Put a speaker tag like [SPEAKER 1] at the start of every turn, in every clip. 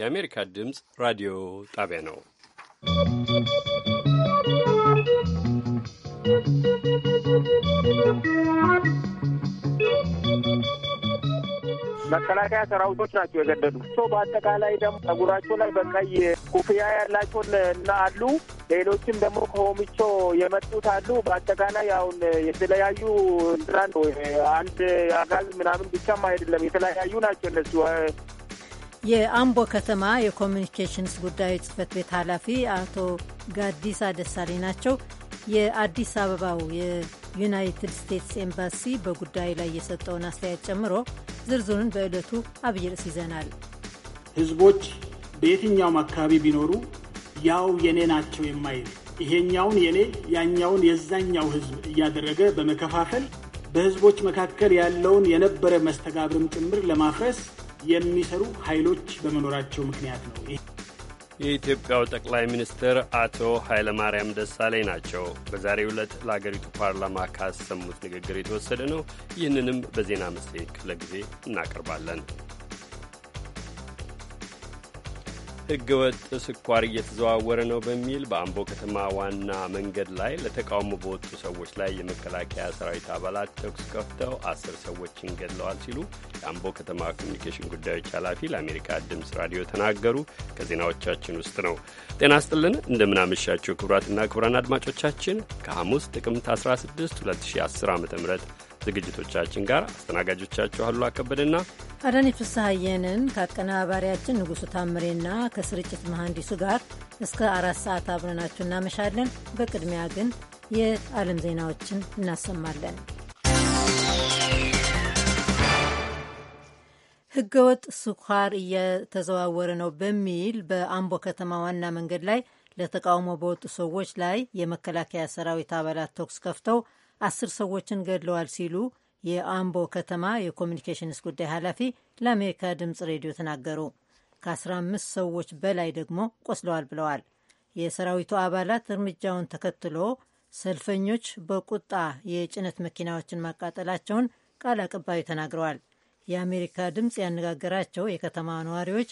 [SPEAKER 1] የአሜሪካ ድምፅ ራዲዮ ጣቢያ ነው።
[SPEAKER 2] መከላከያ ሰራዊቶች ናቸው የገደሉ ሶ በአጠቃላይ ደግሞ ጸጉራቸው ላይ በቀይ ኮፍያ ያላቸው እና አሉ ሌሎችም ደግሞ ከሆምቾ የመጡት አሉ። በአጠቃላይ አሁን የተለያዩ እንትናን አንድ አጋዝ ምናምን ብቻም አይደለም የተለያዩ ናቸው እነሱ
[SPEAKER 3] የአምቦ ከተማ የኮሚኒኬሽንስ ጉዳዮች ጽህፈት ቤት ኃላፊ አቶ ጋዲሳ ደሳሌ ናቸው። የአዲስ አበባው የዩናይትድ ስቴትስ ኤምባሲ በጉዳዩ ላይ የሰጠውን አስተያየት ጨምሮ ዝርዝሩን በዕለቱ አብይ ርዕስ ይዘናል።
[SPEAKER 4] ህዝቦች በየትኛውም አካባቢ ቢኖሩ ያው የኔ ናቸው የማይል ይሄኛውን የኔ ያኛውን የዛኛው ህዝብ እያደረገ በመከፋፈል በህዝቦች መካከል ያለውን የነበረ መስተጋብርም ጭምር ለማፍረስ የሚሰሩ ኃይሎች በመኖራቸው ምክንያት ነው።
[SPEAKER 1] የኢትዮጵያው ጠቅላይ ሚኒስትር አቶ ኃይለማርያም ደሳለኝ ናቸው። በዛሬው ዕለት ለአገሪቱ ፓርላማ ካሰሙት ንግግር የተወሰደ ነው። ይህንንም በዜና መጽሔት ክፍለ ጊዜ እናቀርባለን። ህገወጥ ስኳር እየተዘዋወረ ነው በሚል በአምቦ ከተማ ዋና መንገድ ላይ ለተቃውሞ በወጡ ሰዎች ላይ የመከላከያ ሰራዊት አባላት ተኩስ ከፍተው አስር ሰዎችን ገድለዋል ሲሉ የአምቦ ከተማ ኮሚኒኬሽን ጉዳዮች ኃላፊ ለአሜሪካ ድምፅ ራዲዮ ተናገሩ። ከዜናዎቻችን ውስጥ ነው። ጤና ስጥልን እንደምናመሻቸው ክቡራትና ክቡራን አድማጮቻችን ከሐሙስ ጥቅምት 16 2010 ዓ ም ዝግጅቶቻችን ጋር አስተናጋጆቻችሁ አሉ አከበደና
[SPEAKER 3] አዳነች ፍስሐየንን ከአቀናባሪያችን ንጉሱ ታምሬና ከስርጭት መሐንዲሱ ጋር እስከ አራት ሰዓት አብረናችሁ እናመሻለን። በቅድሚያ ግን የዓለም ዜናዎችን እናሰማለን። ህገወጥ ስኳር እየተዘዋወረ ነው በሚል በአምቦ ከተማ ዋና መንገድ ላይ ለተቃውሞ በወጡ ሰዎች ላይ የመከላከያ ሰራዊት አባላት ተኩስ ከፍተው አስር ሰዎችን ገድለዋል ሲሉ የአምቦ ከተማ የኮሚኒኬሽንስ ጉዳይ ኃላፊ ለአሜሪካ ድምፅ ሬዲዮ ተናገሩ። ከ15 ሰዎች በላይ ደግሞ ቆስለዋል ብለዋል። የሰራዊቱ አባላት እርምጃውን ተከትሎ ሰልፈኞች በቁጣ የጭነት መኪናዎችን ማቃጠላቸውን ቃል አቀባዩ ተናግረዋል። የአሜሪካ ድምፅ ያነጋገራቸው የከተማ ነዋሪዎች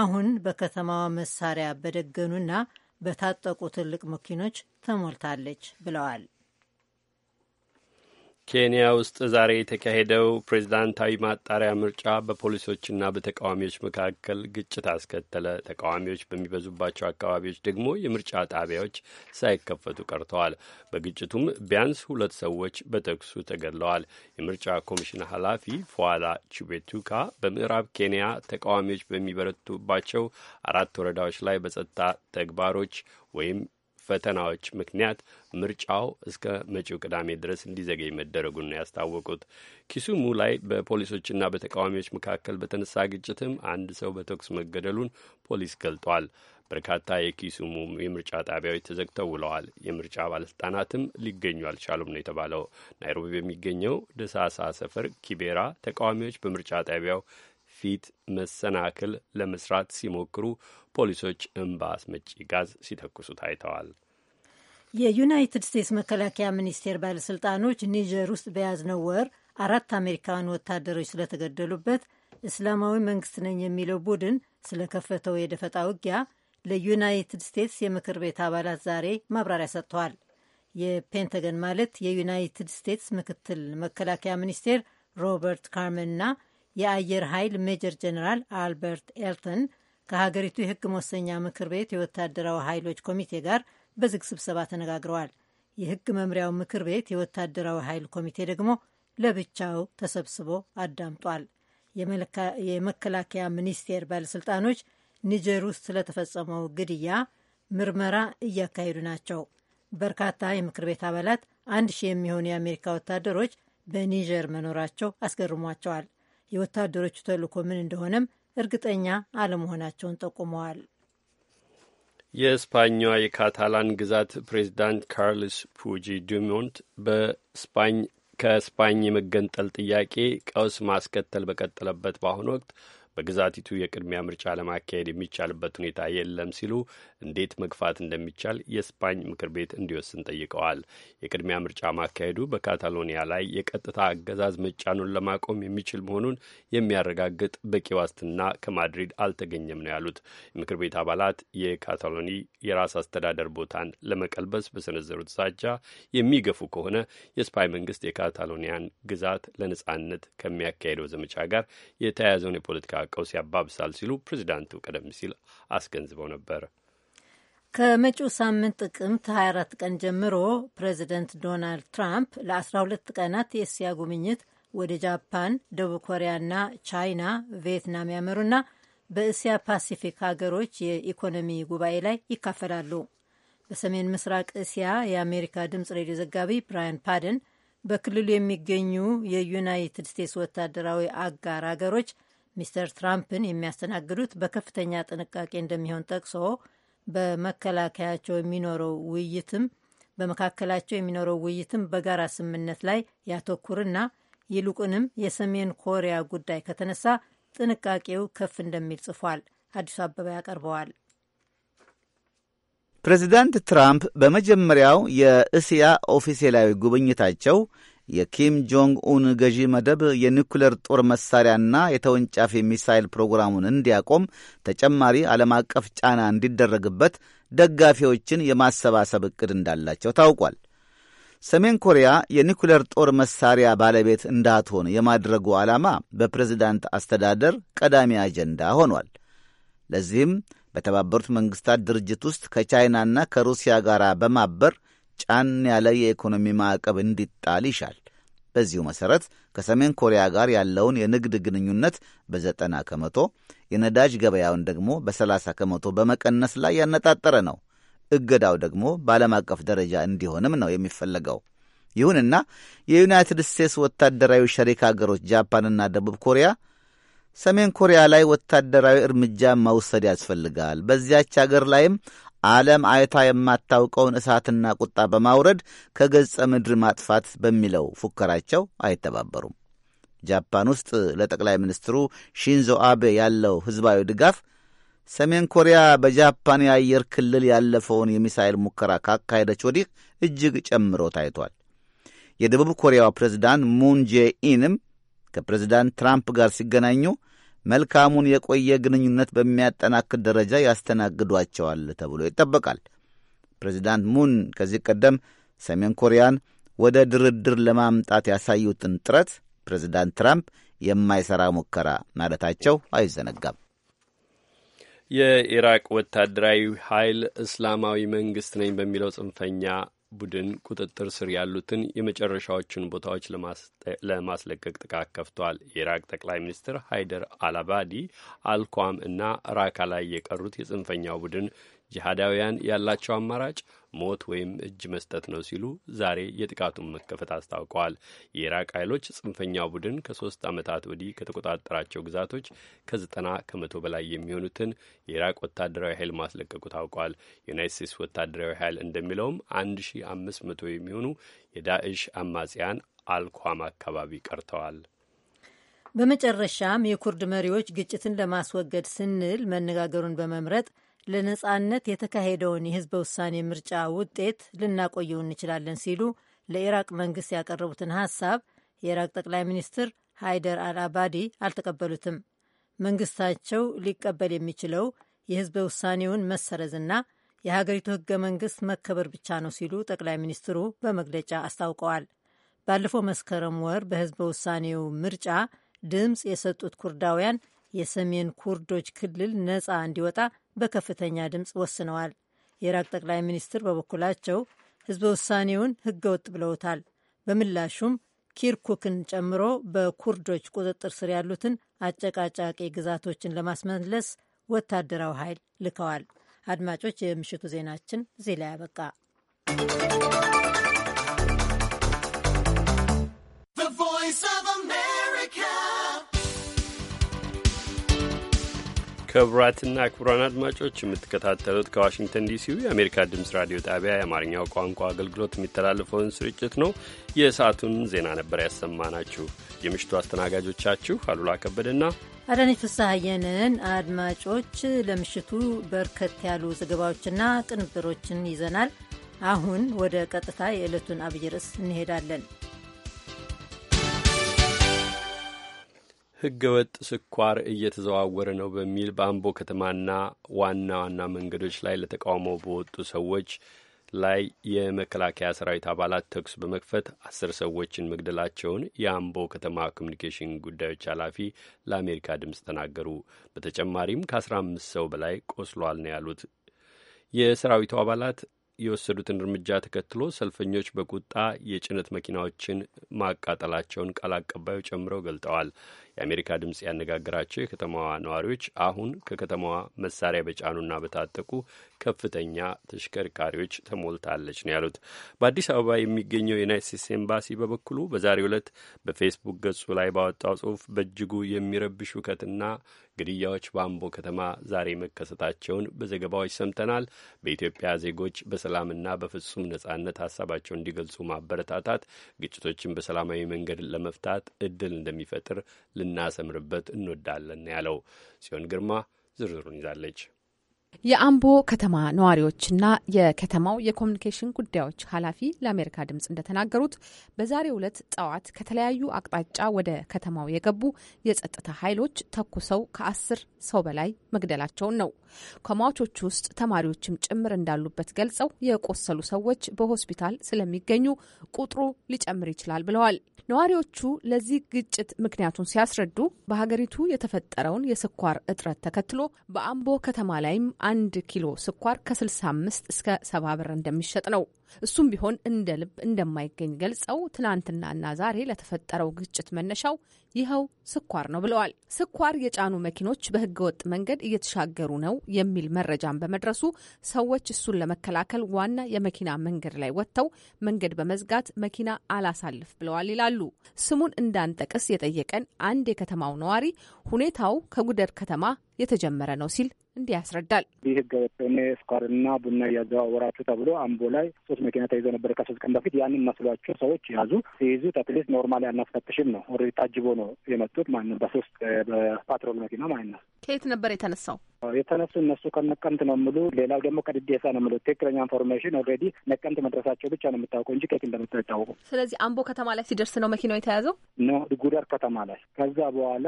[SPEAKER 3] አሁን በከተማዋ መሳሪያ በደገኑና በታጠቁ ትልቅ መኪኖች ተሞልታለች ብለዋል።
[SPEAKER 1] ኬንያ ውስጥ ዛሬ የተካሄደው ፕሬዝዳንታዊ ማጣሪያ ምርጫ በፖሊሶችና በተቃዋሚዎች መካከል ግጭት አስከተለ። ተቃዋሚዎች በሚበዙባቸው አካባቢዎች ደግሞ የምርጫ ጣቢያዎች ሳይከፈቱ ቀርተዋል። በግጭቱም ቢያንስ ሁለት ሰዎች በተኩሱ ተገድለዋል። የምርጫ ኮሚሽን ኃላፊ ፏላ ቺቤቱካ በምዕራብ ኬንያ ተቃዋሚዎች በሚበረቱባቸው አራት ወረዳዎች ላይ በጸጥታ ተግባሮች ወይም ፈተናዎች ምክንያት ምርጫው እስከ መጪው ቅዳሜ ድረስ እንዲዘገይ መደረጉን ነው ያስታወቁት። ኪሱሙ ላይ በፖሊሶችና በተቃዋሚዎች መካከል በተነሳ ግጭትም አንድ ሰው በተኩስ መገደሉን ፖሊስ ገልጧል። በርካታ የኪሱሙ የምርጫ ጣቢያዎች ተዘግተው ውለዋል። የምርጫ ባለስልጣናትም ሊገኙ አልቻሉም ነው የተባለው። ናይሮቢ በሚገኘው ደሳሳ ሰፈር ኪቤራ ተቃዋሚዎች በምርጫ ጣቢያው ፊት መሰናክል ለመስራት ሲሞክሩ ፖሊሶች እምባ አስመጪ ጋዝ ሲተኩሱ ታይተዋል።
[SPEAKER 3] የዩናይትድ ስቴትስ መከላከያ ሚኒስቴር ባለሥልጣኖች ኒጀር ውስጥ በያዝነው ወር አራት አሜሪካውያን ወታደሮች ስለተገደሉበት እስላማዊ መንግስት ነኝ የሚለው ቡድን ስለከፈተው የደፈጣ ውጊያ ለዩናይትድ ስቴትስ የምክር ቤት አባላት ዛሬ ማብራሪያ ሰጥተዋል። የፔንተገን ማለት የዩናይትድ ስቴትስ ምክትል መከላከያ ሚኒስቴር ሮበርት ካርመን እና የአየር ኃይል ሜጀር ጀኔራል አልበርት ኤልተን ከሀገሪቱ የህግ መወሰኛ ምክር ቤት የወታደራዊ ኃይሎች ኮሚቴ ጋር በዝግ ስብሰባ ተነጋግረዋል። የህግ መምሪያው ምክር ቤት የወታደራዊ ኃይል ኮሚቴ ደግሞ ለብቻው ተሰብስቦ አዳምጧል። የመከላከያ ሚኒስቴር ባለሥልጣኖች ኒጀር ውስጥ ስለተፈጸመው ግድያ ምርመራ እያካሄዱ ናቸው። በርካታ የምክር ቤት አባላት አንድ ሺህ የሚሆኑ የአሜሪካ ወታደሮች በኒጀር መኖራቸው አስገርሟቸዋል። የወታደሮቹ ተልዕኮ ምን እንደሆነም እርግጠኛ አለመሆናቸውን ጠቁመዋል።
[SPEAKER 1] የስፓኛ የካታላን ግዛት ፕሬዚዳንት ካርልስ ፑጂ ዱሞንት በስፓኝ ከስፓኝ የመገንጠል ጥያቄ ቀውስ ማስከተል በቀጠለበት በአሁኑ ወቅት በግዛቲቱ የቅድሚያ ምርጫ ለማካሄድ የሚቻልበት ሁኔታ የለም ሲሉ እንዴት መግፋት እንደሚቻል የስፓኝ ምክር ቤት እንዲወስን ጠይቀዋል። የቅድሚያ ምርጫ ማካሄዱ በካታሎኒያ ላይ የቀጥታ አገዛዝ መጫኑን ለማቆም የሚችል መሆኑን የሚያረጋግጥ በቂ ዋስትና ከማድሪድ አልተገኘም ነው ያሉት። የምክር ቤት አባላት የካታሎኒ የራስ አስተዳደር ቦታን ለመቀልበስ በሰነዘሩት ዛቻ የሚገፉ ከሆነ የስፓኝ መንግስት የካታሎኒያን ግዛት ለነጻነት ከሚያካሄደው ዘመቻ ጋር የተያያዘውን የፖለቲካ ቀውስ ያባብሳል ሲሉ ፕሬዚዳንቱ ቀደም ሲል አስገንዝበው ነበር።
[SPEAKER 3] ከመጪው ሳምንት ጥቅምት 24 ቀን ጀምሮ ፕሬዚደንት ዶናልድ ትራምፕ ለ12 ቀናት የእስያ ጉብኝት ወደ ጃፓን፣ ደቡብ ኮሪያና ቻይና፣ ቪየትናም ያመሩና በእስያ ፓሲፊክ ሀገሮች የኢኮኖሚ ጉባኤ ላይ ይካፈላሉ። በሰሜን ምስራቅ እስያ የአሜሪካ ድምፅ ሬዲዮ ዘጋቢ ብራያን ፓደን በክልሉ የሚገኙ የዩናይትድ ስቴትስ ወታደራዊ አጋር ሀገሮች ሚስተር ትራምፕን የሚያስተናግዱት በከፍተኛ ጥንቃቄ እንደሚሆን ጠቅሶ በመከላከያቸው የሚኖረው ውይይትም በመካከላቸው የሚኖረው ውይይትም በጋራ ስምምነት ላይ ያተኩርና ይልቁንም የሰሜን ኮሪያ ጉዳይ ከተነሳ ጥንቃቄው ከፍ እንደሚል ጽፏል። አዲሱ አበባ ያቀርበዋል።
[SPEAKER 5] ፕሬዚዳንት ትራምፕ በመጀመሪያው የእስያ ኦፊሴላዊ ጉብኝታቸው የኪም ጆንግ ኡን ገዢ መደብ የኒኩሌር ጦር መሳሪያና የተወንጫፊ ሚሳይል ፕሮግራሙን እንዲያቆም ተጨማሪ ዓለም አቀፍ ጫና እንዲደረግበት ደጋፊዎችን የማሰባሰብ ዕቅድ እንዳላቸው ታውቋል። ሰሜን ኮሪያ የኒኩሌር ጦር መሳሪያ ባለቤት እንዳትሆን የማድረጉ ዓላማ በፕሬዝዳንት አስተዳደር ቀዳሚ አጀንዳ ሆኗል። ለዚህም በተባበሩት መንግሥታት ድርጅት ውስጥ ከቻይናና ከሩሲያ ጋር በማበር ጫን ያለ የኢኮኖሚ ማዕቀብ እንዲጣል ይሻል። በዚሁ መሠረት ከሰሜን ኮሪያ ጋር ያለውን የንግድ ግንኙነት በዘጠና ከመቶ የነዳጅ ገበያውን ደግሞ በሰላሳ ከመቶ በመቀነስ ላይ ያነጣጠረ ነው። እገዳው ደግሞ በዓለም አቀፍ ደረጃ እንዲሆንም ነው የሚፈለገው። ይሁንና የዩናይትድ ስቴትስ ወታደራዊ ሸሪክ አገሮች ጃፓንና ደቡብ ኮሪያ ሰሜን ኮሪያ ላይ ወታደራዊ እርምጃ መውሰድ ያስፈልጋል፣ በዚያች አገር ላይም ዓለም አይታ የማታውቀውን እሳትና ቁጣ በማውረድ ከገጸ ምድር ማጥፋት በሚለው ፉከራቸው አይተባበሩም። ጃፓን ውስጥ ለጠቅላይ ሚኒስትሩ ሺንዞ አቤ ያለው ሕዝባዊ ድጋፍ ሰሜን ኮሪያ በጃፓን የአየር ክልል ያለፈውን የሚሳኤል ሙከራ ካካሄደች ወዲህ እጅግ ጨምሮ ታይቷል። የደቡብ ኮሪያው ፕሬዝዳንት ሙን ጄኢንም ከፕሬዝዳንት ትራምፕ ጋር ሲገናኙ መልካሙን የቆየ ግንኙነት በሚያጠናክር ደረጃ ያስተናግዷቸዋል ተብሎ ይጠበቃል። ፕሬዚዳንት ሙን ከዚህ ቀደም ሰሜን ኮሪያን ወደ ድርድር ለማምጣት ያሳዩትን ጥረት ፕሬዚዳንት ትራምፕ የማይሠራ ሙከራ ማለታቸው አይዘነጋም።
[SPEAKER 1] የኢራቅ ወታደራዊ ኃይል እስላማዊ መንግስት ነኝ በሚለው ጽንፈኛ ቡድን ቁጥጥር ስር ያሉትን የመጨረሻዎችን ቦታዎች ለማስለቀቅ ጥቃት ከፍቷል። የኢራቅ ጠቅላይ ሚኒስትር ሃይደር አልአባዲ አልኳም እና ራካ ላይ የቀሩት የጽንፈኛው ቡድን ጂሃዳውያን ያላቸው አማራጭ ሞት ወይም እጅ መስጠት ነው ሲሉ ዛሬ የጥቃቱን መከፈት አስታውቀዋል። የኢራቅ ኃይሎች ጽንፈኛው ቡድን ከሶስት ዓመታት ወዲህ ከተቆጣጠራቸው ግዛቶች ከዘጠና ከመቶ በላይ የሚሆኑትን የኢራቅ ወታደራዊ ኃይል ማስለቀቁ ታውቋል። ዩናይት ስቴትስ ወታደራዊ ኃይል እንደሚለውም አንድ ሺ አምስት መቶ የሚሆኑ የዳዕሽ አማጽያን አልኳም አካባቢ ቀርተዋል።
[SPEAKER 3] በመጨረሻም የኩርድ መሪዎች ግጭትን ለማስወገድ ስንል መነጋገሩን በመምረጥ ለነጻነት የተካሄደውን የህዝበ ውሳኔ ምርጫ ውጤት ልናቆየው እንችላለን ሲሉ ለኢራቅ መንግስት ያቀረቡትን ሀሳብ የኢራቅ ጠቅላይ ሚኒስትር ሃይደር አልአባዲ አልተቀበሉትም። መንግስታቸው ሊቀበል የሚችለው የህዝበ ውሳኔውን መሰረዝና የሀገሪቱ ህገ መንግስት መከበር ብቻ ነው ሲሉ ጠቅላይ ሚኒስትሩ በመግለጫ አስታውቀዋል። ባለፈው መስከረም ወር በህዝበ ውሳኔው ምርጫ ድምፅ የሰጡት ኩርዳውያን የሰሜን ኩርዶች ክልል ነፃ እንዲወጣ በከፍተኛ ድምፅ ወስነዋል። የኢራቅ ጠቅላይ ሚኒስትር በበኩላቸው ህዝበ ውሳኔውን ወጥ ብለውታል። በምላሹም ኪርኩክን ጨምሮ በኩርዶች ቁጥጥር ስር ያሉትን አጨቃጫቂ ግዛቶችን ለማስመለስ ወታደራዊ ኃይል ልከዋል። አድማጮች፣ የምሽቱ ዜናችን እዚህ ላይ ያበቃ።
[SPEAKER 6] ቮይስ
[SPEAKER 7] ኦፍ አሜሪካ
[SPEAKER 1] ክቡራትና ክቡራን አድማጮች የምትከታተሉት ከዋሽንግተን ዲሲው የአሜሪካ ድምፅ ራዲዮ ጣቢያ የአማርኛው ቋንቋ አገልግሎት የሚተላለፈውን ስርጭት ነው። የሰዓቱን ዜና ነበር ያሰማናችሁ። የምሽቱ አስተናጋጆቻችሁ አሉላ ከበደና
[SPEAKER 3] አዳነች ፍስሐየንን። አድማጮች ለምሽቱ በርከት ያሉ ዘገባዎችና ቅንብሮችን ይዘናል። አሁን ወደ ቀጥታ የዕለቱን አብይ ርዕስ እንሄዳለን።
[SPEAKER 1] ሕገ ወጥ ስኳር እየተዘዋወረ ነው በሚል በአምቦ ከተማና ዋና ዋና መንገዶች ላይ ለተቃውሞ በወጡ ሰዎች ላይ የመከላከያ ሰራዊት አባላት ተኩስ በመክፈት አስር ሰዎችን መግደላቸውን የአምቦ ከተማ ኮሚኒኬሽን ጉዳዮች ኃላፊ ለአሜሪካ ድምፅ ተናገሩ። በተጨማሪም ከአስራ አምስት ሰው በላይ ቆስሏል ነው ያሉት። የሰራዊቱ አባላት የወሰዱትን እርምጃ ተከትሎ ሰልፈኞች በቁጣ የጭነት መኪናዎችን ማቃጠላቸውን ቃል አቀባዩ ጨምረው ገልጠዋል። የአሜሪካ ድምፅ ያነጋገራቸው የከተማዋ ነዋሪዎች አሁን ከከተማዋ መሳሪያ በጫኑና በታጠቁ ከፍተኛ ተሽከርካሪዎች ተሞልታለች ነው ያሉት። በአዲስ አበባ የሚገኘው የዩናይት ስቴትስ ኤምባሲ በበኩሉ በዛሬው ዕለት በፌስቡክ ገጹ ላይ ባወጣው ጽሑፍ በእጅጉ የሚረብሽ ሁከትና ግድያዎች በአምቦ ከተማ ዛሬ መከሰታቸውን በዘገባዎች ሰምተናል። በኢትዮጵያ ዜጎች በሰላምና በፍጹም ነጻነት ሀሳባቸውን እንዲገልጹ ማበረታታት ግጭቶችን በሰላማዊ መንገድ ለመፍታት እድል እንደሚፈጥር ልናሰምርበት እንወዳለን ያለው ሲሆን ግርማ ዝርዝሩን ይዛለች።
[SPEAKER 6] የአምቦ ከተማ ነዋሪዎችና የከተማው የኮሚኒኬሽን ጉዳዮች ኃላፊ ለአሜሪካ ድምጽ እንደተናገሩት በዛሬው ዕለት ጠዋት ከተለያዩ አቅጣጫ ወደ ከተማው የገቡ የጸጥታ ኃይሎች ተኩሰው ከአስር ሰው በላይ መግደላቸውን ነው። ከሟቾቹ ውስጥ ተማሪዎችም ጭምር እንዳሉበት ገልጸው የቆሰሉ ሰዎች በሆስፒታል ስለሚገኙ ቁጥሩ ሊጨምር ይችላል ብለዋል። ነዋሪዎቹ ለዚህ ግጭት ምክንያቱን ሲያስረዱ በሀገሪቱ የተፈጠረውን የስኳር እጥረት ተከትሎ በአምቦ ከተማ ላይም አንድ ኪሎ ስኳር ከ65 እስከ 70 ብር እንደሚሸጥ ነው። እሱም ቢሆን እንደ ልብ እንደማይገኝ ገልጸው ትናንትናና ዛሬ ለተፈጠረው ግጭት መነሻው ይኸው ስኳር ነው ብለዋል። ስኳር የጫኑ መኪኖች በህገወጥ መንገድ እየተሻገሩ ነው የሚል መረጃን በመድረሱ ሰዎች እሱን ለመከላከል ዋና የመኪና መንገድ ላይ ወጥተው መንገድ በመዝጋት መኪና አላሳልፍ ብለዋል ይላሉ። ስሙን እንዳንጠቅስ የጠየቀን አንድ የከተማው ነዋሪ ሁኔታው ከጉደር ከተማ የተጀመረ ነው ሲል እንዲህ ያስረዳል።
[SPEAKER 8] ይህ ህገወጥነ ስኳርና ቡና እያዘዋወራችሁ ተብሎ አምቦ ላይ ሶስት መኪና ተይዞ ነበር ከሶስት ቀን በፊት። ያንን መስሏቸው ሰዎች ያዙ። ሲይዙ አትሊስት ኖርማል አናስፈትሽም ነው ኦልሬዲ ታጅቦ ነው የመጡት ማለት ነው። በሶስት በፓትሮል መኪና ማለት ነው።
[SPEAKER 6] ከየት ነበር የተነሳው?
[SPEAKER 8] የተነሱ እነሱ ከነቀምት ነው የሚሉ ሌላው ደግሞ ከድዴሳ ነው የሚሉ ትክክለኛ ኢንፎርሜሽን ኦልሬዲ ነቀምት መድረሳቸው ብቻ ነው የምታውቀው እንጂ ከየት እንደመጣ አይታወቁም።
[SPEAKER 6] ስለዚህ አምቦ ከተማ ላይ ሲደርስ ነው መኪናው የተያዘው?
[SPEAKER 8] ኖ ጉደር ከተማ ላይ። ከዛ በኋላ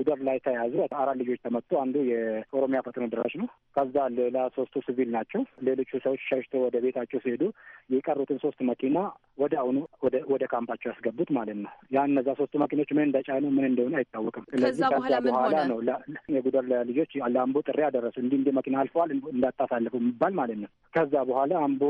[SPEAKER 8] ጉደር ላይ ተያዙ። አራት ልጆች ተመጡ። አንዱ የኦሮሚያ ከተማ ድራሽ ነው። ከዛ ሌላ ሶስቱ ሲቪል ናቸው። ሌሎቹ ሰዎች ሸሽቶ ወደ ቤታቸው ሲሄዱ የቀሩትን ሶስት መኪና ወደ አሁኑ ወደ ካምፓቸው ያስገቡት ማለት ነው። ያ እነዛ ሶስቱ መኪኖች ምን እንደጫኑ ምን እንደሆነ አይታወቅም። ስለዚህ ከዛ በኋላ ነው የጉደር ልጆች ለአምቦ ጥሪ ያደረሱ እንዲህ እንዲህ መኪና አልፈዋል እንዳታሳልፉ የሚባል ማለት ነው። ከዛ በኋላ አምቦ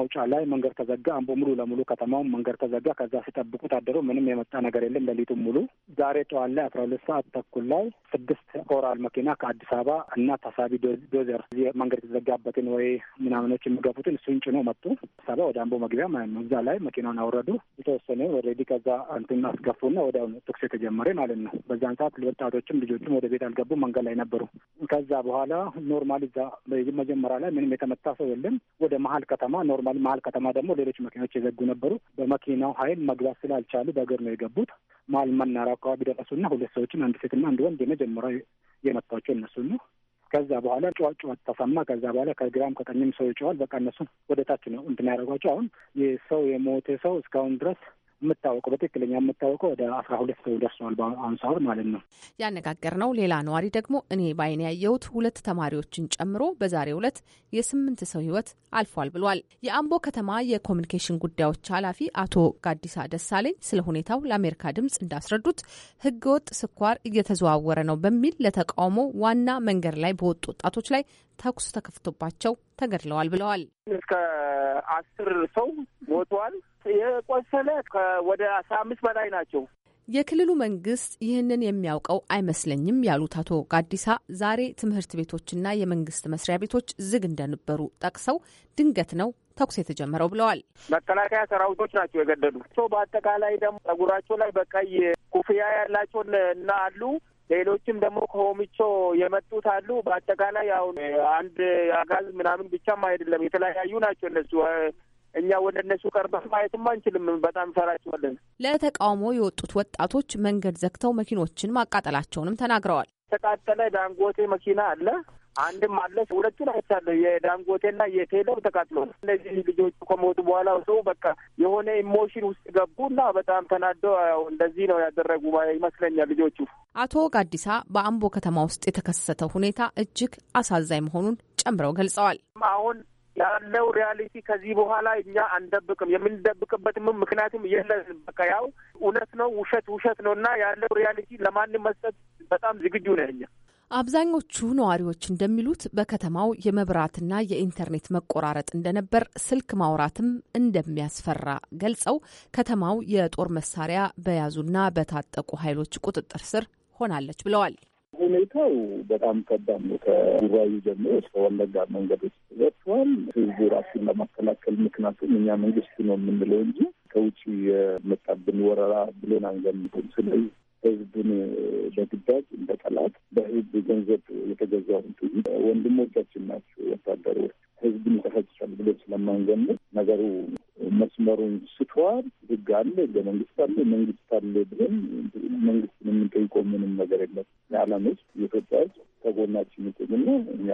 [SPEAKER 8] መውጫ ላይ መንገድ ተዘጋ። አምቦ ሙሉ ለሙሉ ከተማውን መንገድ ተዘጋ። ከዛ ሲጠብቁ ታደሩ። ምንም የመጣ ነገር የለም። ሌሊቱም ሙሉ ዛሬ ጠዋት ላይ አስራ ሁለት ሰዓት ተኩል ላይ ስድስት ኦራል መኪና ከአዲስ አበባ እና ታሳቢ ዶዘር መንገድ የተዘጋበትን ወይ ምናምኖች የሚገፉትን እሱን ጭኖ መጡ። ሰበ ወደ አምቦ መግቢያ ማለት ነው። እዛ ላይ መኪናውን አውረዱ። የተወሰነ ኦልሬዲ ከዛ አንቱን አስገፉና ወደ ተኩስ የተጀመረ ማለት ነው። በዛን ሰዓት ወጣቶችም ልጆችም ወደ ቤት አልገቡ መንገድ ላይ ነበሩ። ከዛ በኋላ ኖርማል እዛ መጀመሪያ ላይ ምንም የተመታ ሰው የለም። ወደ መሀል ከተማ ኖርማል መሀል ከተማ ደግሞ ሌሎች መኪናዎች የዘጉ ነበሩ። በመኪናው ኃይል መግባት ስላልቻሉ በእግር ነው የገቡት። መሀል መናራ አካባቢ ደረሱና ሁለት ሰዎችን አንድ ሴትና አንድ ወንድ የመጀመሪያ የመጣቸው እነሱ ነው ከዛ በኋላ ጨዋት ጨዋት ተሰማ። ከዛ በኋላ ከግራም ከቀኝም ሰው ይጨዋል። በቃ እነሱ ወደ ታች ነው እንትን ያደረጓቸው። አሁን የሰው የሞተ ሰው እስካሁን ድረስ የምታወቀው በትክክለኛ የምታወቀው ወደ አስራ ሁለት ሰው ደርሰዋል በአሁኑ ሰዓት ማለት ነው።
[SPEAKER 6] ያነጋገር ነው ሌላ ነዋሪ ደግሞ እኔ በአይን ያየሁት ሁለት ተማሪዎችን ጨምሮ በዛሬው ዕለት የስምንት ሰው ህይወት አልፏል ብሏል። የአምቦ ከተማ የኮሚኒኬሽን ጉዳዮች ኃላፊ አቶ ጋዲሳ ደሳለኝ ስለ ሁኔታው ለአሜሪካ ድምጽ እንዳስረዱት ህገወጥ ስኳር እየተዘዋወረ ነው በሚል ለተቃውሞ ዋና መንገድ ላይ በወጡ ወጣቶች ላይ ተኩስ ተከፍቶባቸው ተገድለዋል ብለዋል።
[SPEAKER 2] እስከ አስር ሰው ሞተዋል። የቆሰለ ወደ አስራ አምስት በላይ ናቸው።
[SPEAKER 6] የክልሉ መንግስት ይህንን የሚያውቀው አይመስለኝም ያሉት አቶ ጋዲሳ ዛሬ ትምህርት ቤቶችና የመንግስት መስሪያ ቤቶች ዝግ እንደነበሩ ጠቅሰው ድንገት ነው ተኩስ የተጀመረው ብለዋል።
[SPEAKER 2] መከላከያ ሰራዊቶች ናቸው የገደሉ። በአጠቃላይ ደግሞ ጸጉራቸው ላይ በቀይ ኩፍያ ያላቸው እና አሉ ሌሎችም ደግሞ ከሆሚቾ የመጡት አሉ። በአጠቃላይ አሁን አንድ አጋዝ ምናምን ብቻም አይደለም፣ የተለያዩ ናቸው እነሱ። እኛ ወደ እነሱ ቀርበን ማየትም አንችልም። በጣም እንፈራቸዋለን።
[SPEAKER 6] ለተቃውሞ የወጡት ወጣቶች መንገድ ዘግተው መኪኖችን ማቃጠላቸውንም ተናግረዋል።
[SPEAKER 2] የተቃጠለ ዳንጎቴ መኪና አለ። አንድም አለች። ሁለቱን አይቻለሁ። የዳንጎቴና የቴለው ተቃጥሎ እነዚህ ልጆቹ ከሞቱ በኋላ ሰው በቃ የሆነ ኢሞሽን ውስጥ ገቡና በጣም ተናደው እንደዚህ ነው ያደረጉ ይመስለኛል ልጆቹ።
[SPEAKER 6] አቶ ጋዲሳ በአምቦ ከተማ ውስጥ የተከሰተው ሁኔታ እጅግ አሳዛኝ መሆኑን ጨምረው ገልጸዋል።
[SPEAKER 2] አሁን ያለው ሪያሊቲ ከዚህ በኋላ እኛ አንደብቅም። የምንደብቅበትም ምክንያቱም የለንም። በቃ ያው እውነት ነው፣ ውሸት ውሸት ነው እና ያለው ሪያሊቲ ለማንም መስጠት በጣም ዝግጁ ነን እኛ
[SPEAKER 6] አብዛኞቹ ነዋሪዎች እንደሚሉት በከተማው የመብራትና የኢንተርኔት መቆራረጥ እንደነበር፣ ስልክ ማውራትም እንደሚያስፈራ ገልጸው ከተማው የጦር መሳሪያ በያዙና በታጠቁ ኃይሎች ቁጥጥር ስር ሆናለች ብለዋል።
[SPEAKER 8] ሁኔታው በጣም ከባድ ነው። ከጉራዩ ጀምሮ እስከ ወለጋ መንገዶች ተዘርፈዋል። ህዝቡ ራሱን ለማከላከል ምክንያቱም እኛ መንግስት ነው የምንለው እንጂ ከውጭ የመጣብን ወረራ ብለን አንገምትም። ስለዚህ ህዝብን በግዳጅ እንደ ጠላት በህዝብ ገንዘብ የተገዛ ሁሉ ወንድሞቻችን ናቸው ወታደሮች፣ ህዝብን ይተፈጭሻል ብሎ ስለማንገምር ነገሩ መስመሩን ስቷል። ህግ አለ፣ ህገ መንግስት አለ፣ መንግስት አለ ብለን መንግስትን የምንጠይቀው ምንም ነገር የለም። የዓለም ህዝብ፣ የኢትዮጵያ ህዝብ ከጎናችን ይቁምና እኛ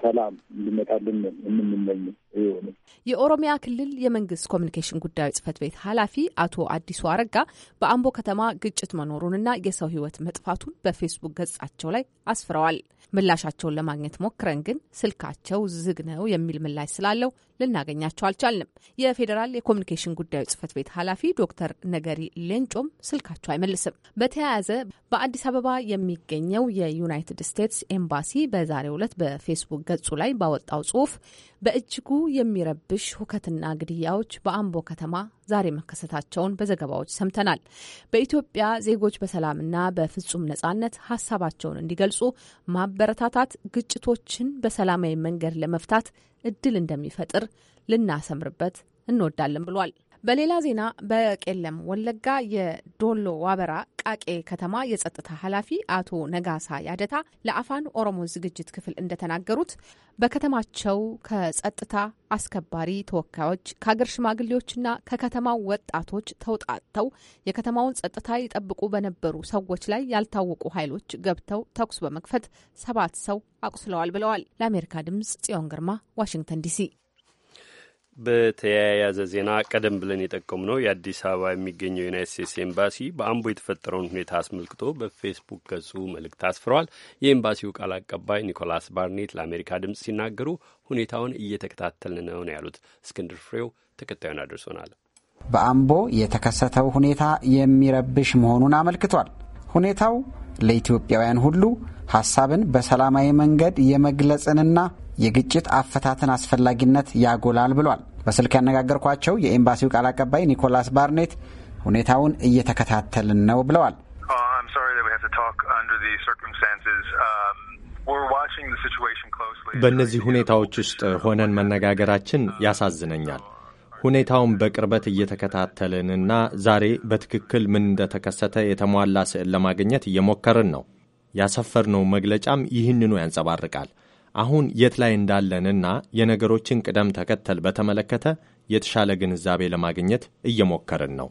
[SPEAKER 8] ሰላም እንዲመጣልን የምንመኝ ይሆነ።
[SPEAKER 6] የኦሮሚያ ክልል የመንግስት ኮሚኒኬሽን ጉዳዮች ጽህፈት ቤት ኃላፊ አቶ አዲሱ አረጋ በአምቦ ከተማ ግጭት መኖሩንና የሰው ህይወት መጥፋቱን በፌስቡክ ገጻቸው ላይ አስፍረዋል። ምላሻቸውን ለማግኘት ሞክረን ግን ስልካቸው ዝግ ነው የሚል ምላሽ ስላለው ልናገኛቸው አልቻልንም። የፌዴራል የኮሚኒኬሽን ጉዳዮች ጽህፈት ቤት ኃላፊ ዶክተር ነገሪ ሌንጮም ስልካቸው አይመልስም። በተያያዘ በአዲስ አበባ የሚገኘው የዩናይትድ ስቴትስ ኤምባሲ በዛሬው ዕለት በፌስቡክ ገጹ ላይ ባወጣው ጽሁፍ በእጅጉ የሚረብሽ ሁከትና ግድያዎች በአምቦ ከተማ ዛሬ መከሰታቸውን በዘገባዎች ሰምተናል። በኢትዮጵያ ዜጎች በሰላምና በፍጹም ነጻነት ሀሳባቸውን እንዲገልጹ ማበረታታት፣ ግጭቶችን በሰላማዊ መንገድ ለመፍታት እድል እንደሚፈጥር ልናሰምርበት እንወዳለን ብሏል። በሌላ ዜና በቄለም ወለጋ የዶሎ ዋበራ ቃቄ ከተማ የጸጥታ ኃላፊ አቶ ነጋሳ ያደታ ለአፋን ኦሮሞ ዝግጅት ክፍል እንደተናገሩት በከተማቸው ከጸጥታ አስከባሪ ተወካዮች ከሀገር ሽማግሌዎችና ከከተማው ወጣቶች ተውጣጥተው የከተማውን ጸጥታ ይጠብቁ በነበሩ ሰዎች ላይ ያልታወቁ ኃይሎች ገብተው ተኩስ በመክፈት ሰባት ሰው አቁስለዋል ብለዋል። ለአሜሪካ ድምጽ ጽዮን ግርማ ዋሽንግተን ዲሲ
[SPEAKER 1] በተያያዘ ዜና ቀደም ብለን ነው የአዲስ አበባ የሚገኘው ዩናይት ስቴትስ ኤምባሲ በአምቦ የተፈጠረውን ሁኔታ አስመልክቶ በፌስቡክ ገጹ መልእክት አስፍረዋል። የኤምባሲው ቃል አቀባይ ኒኮላስ ባርኔት ለአሜሪካ ድምፅ ሲናገሩ ሁኔታውን እየተከታተልን ነው ነው ያሉት። እስክንድር ፍሬው ተከታዩን አድርሶናል።
[SPEAKER 9] በአምቦ የተከሰተው ሁኔታ የሚረብሽ መሆኑን አመልክቷል። ሁኔታው ለኢትዮጵያውያን ሁሉ ሀሳብን በሰላማዊ መንገድ የመግለጽንና የግጭት አፈታትን አስፈላጊነት ያጎላል ብሏል። በስልክ ያነጋገርኳቸው የኤምባሲው ቃል አቀባይ ኒኮላስ ባርኔት ሁኔታውን እየተከታተልን
[SPEAKER 10] ነው ብለዋል። uh, um, በእነዚህ ሁኔታዎች ውስጥ ሆነን መነጋገራችን ያሳዝነኛል። ሁኔታውን በቅርበት እየተከታተልንና ዛሬ በትክክል ምን እንደተከሰተ የተሟላ ስዕል ለማግኘት እየሞከርን ነው። ያሰፈርነው መግለጫም ይህንኑ ያንጸባርቃል። አሁን የት ላይ እንዳለንና የነገሮችን ቅደም ተከተል በተመለከተ የተሻለ ግንዛቤ ለማግኘት እየሞከርን ነው።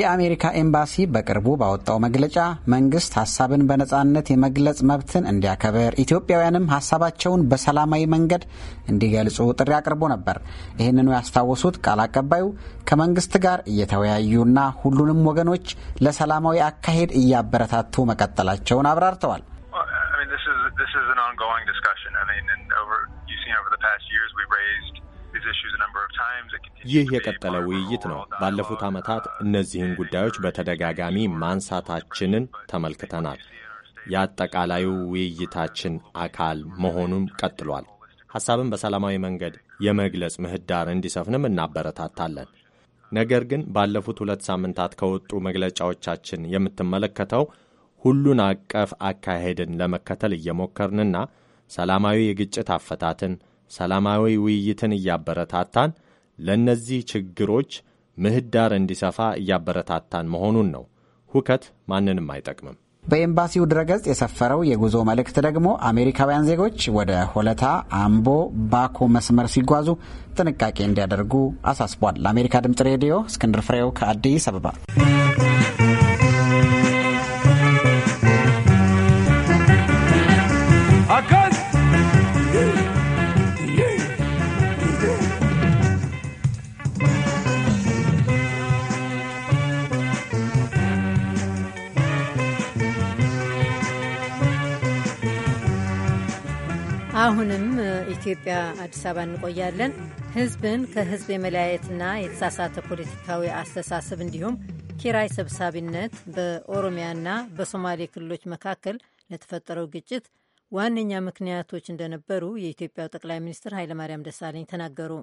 [SPEAKER 9] የአሜሪካ ኤምባሲ በቅርቡ ባወጣው መግለጫ መንግስት ሀሳብን በነጻነት የመግለጽ መብትን እንዲያከብር፣ ኢትዮጵያውያንም ሀሳባቸውን በሰላማዊ መንገድ እንዲገልጹ ጥሪ አቅርቦ ነበር። ይህንኑ ያስታወሱት ቃል አቀባዩ ከመንግስት ጋር እየተወያዩና ሁሉንም ወገኖች ለሰላማዊ አካሄድ እያበረታቱ መቀጠላቸውን አብራርተዋል።
[SPEAKER 3] ongoing discussion. I mean, and over you've seen over the past years, we've raised
[SPEAKER 10] ይህ የቀጠለ ውይይት ነው። ባለፉት ዓመታት እነዚህን ጉዳዮች በተደጋጋሚ ማንሳታችንን ተመልክተናል። የአጠቃላዩ ውይይታችን አካል መሆኑም ቀጥሏል። ሐሳብን በሰላማዊ መንገድ የመግለጽ ምህዳር እንዲሰፍንም እናበረታታለን። ነገር ግን ባለፉት ሁለት ሳምንታት ከወጡ መግለጫዎቻችን የምትመለከተው ሁሉን አቀፍ አካሄድን ለመከተል እየሞከርንና ሰላማዊ የግጭት አፈታትን፣ ሰላማዊ ውይይትን እያበረታታን ለእነዚህ ችግሮች ምህዳር እንዲሰፋ እያበረታታን መሆኑን ነው። ሁከት ማንንም አይጠቅምም።
[SPEAKER 9] በኤምባሲው ድረገጽ የሰፈረው የጉዞ መልእክት ደግሞ አሜሪካውያን ዜጎች ወደ ሆለታ፣ አምቦ፣ ባኮ መስመር ሲጓዙ ጥንቃቄ እንዲያደርጉ አሳስቧል። ለአሜሪካ ድምጽ ሬዲዮ እስክንድር ፍሬው ከአዲስ አበባ
[SPEAKER 3] አሁንም ኢትዮጵያ አዲስ አበባ እንቆያለን። ህዝብን ከህዝብ የመለያየትና የተሳሳተ ፖለቲካዊ አስተሳሰብ እንዲሁም ኪራይ ሰብሳቢነት በኦሮሚያና በሶማሌ ክልሎች መካከል ለተፈጠረው ግጭት ዋነኛ ምክንያቶች እንደነበሩ የኢትዮጵያው ጠቅላይ ሚኒስትር ኃይለማርያም ደሳለኝ ተናገሩ።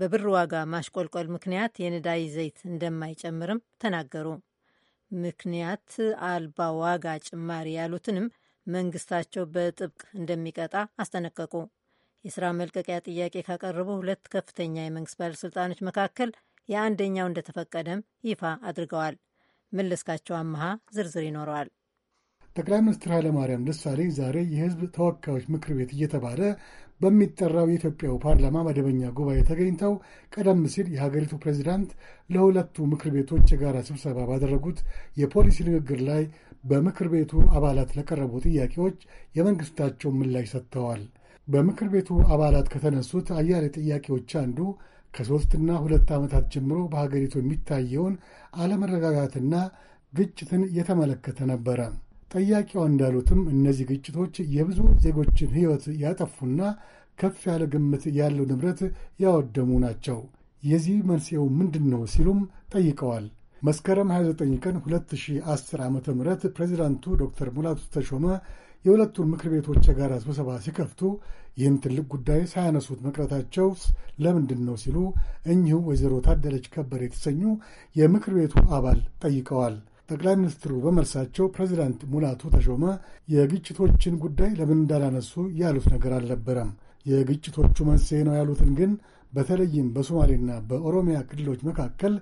[SPEAKER 3] በብር ዋጋ ማሽቆልቆል ምክንያት የነዳጅ ዘይት እንደማይጨምርም ተናገሩ። ምክንያት አልባ ዋጋ ጭማሪ ያሉትንም መንግስታቸው በጥብቅ እንደሚቀጣ አስጠነቀቁ። የስራ መልቀቂያ ጥያቄ ካቀረቡ ሁለት ከፍተኛ የመንግስት ባለሥልጣኖች መካከል የአንደኛው እንደተፈቀደም ይፋ አድርገዋል። መለስካቸው አመሃ ዝርዝር ይኖረዋል።
[SPEAKER 11] ጠቅላይ ሚኒስትር ኃይለማርያም ደሳለኝ ዛሬ የህዝብ ተወካዮች ምክር ቤት እየተባለ በሚጠራው የኢትዮጵያው ፓርላማ መደበኛ ጉባኤ ተገኝተው ቀደም ሲል የሀገሪቱ ፕሬዚዳንት ለሁለቱ ምክር ቤቶች የጋራ ስብሰባ ባደረጉት የፖሊሲ ንግግር ላይ በምክር ቤቱ አባላት ለቀረቡ ጥያቄዎች የመንግስታቸውን ምላሽ ሰጥተዋል። በምክር ቤቱ አባላት ከተነሱት አያሌ ጥያቄዎች አንዱ ከሦስትና ሁለት ዓመታት ጀምሮ በሀገሪቱ የሚታየውን አለመረጋጋትና ግጭትን እየተመለከተ ነበረ። ጠያቂዋ እንዳሉትም እነዚህ ግጭቶች የብዙ ዜጎችን ሕይወት ያጠፉና ከፍ ያለ ግምት ያለው ንብረት ያወደሙ ናቸው። የዚህ መንስኤው ምንድን ነው ሲሉም ጠይቀዋል። መስከረም 29 ቀን 2010 ዓ ም ፕሬዚዳንቱ ዶክተር ሙላቱ ተሾመ የሁለቱን ምክር ቤቶች የጋራ ስብሰባ ሲከፍቱ ይህን ትልቅ ጉዳይ ሳያነሱት መቅረታቸው ለምንድን ነው ሲሉ እኚሁ ወይዘሮ ታደለች ከበር የተሰኙ የምክር ቤቱ አባል ጠይቀዋል። ጠቅላይ ሚኒስትሩ በመልሳቸው ፕሬዚዳንት ሙላቱ ተሾመ የግጭቶችን ጉዳይ ለምን እንዳላነሱ ያሉት ነገር አልነበረም። የግጭቶቹ መንስኤ ነው ያሉትን ግን በተለይም በሶማሌና በኦሮሚያ ክልሎች መካከል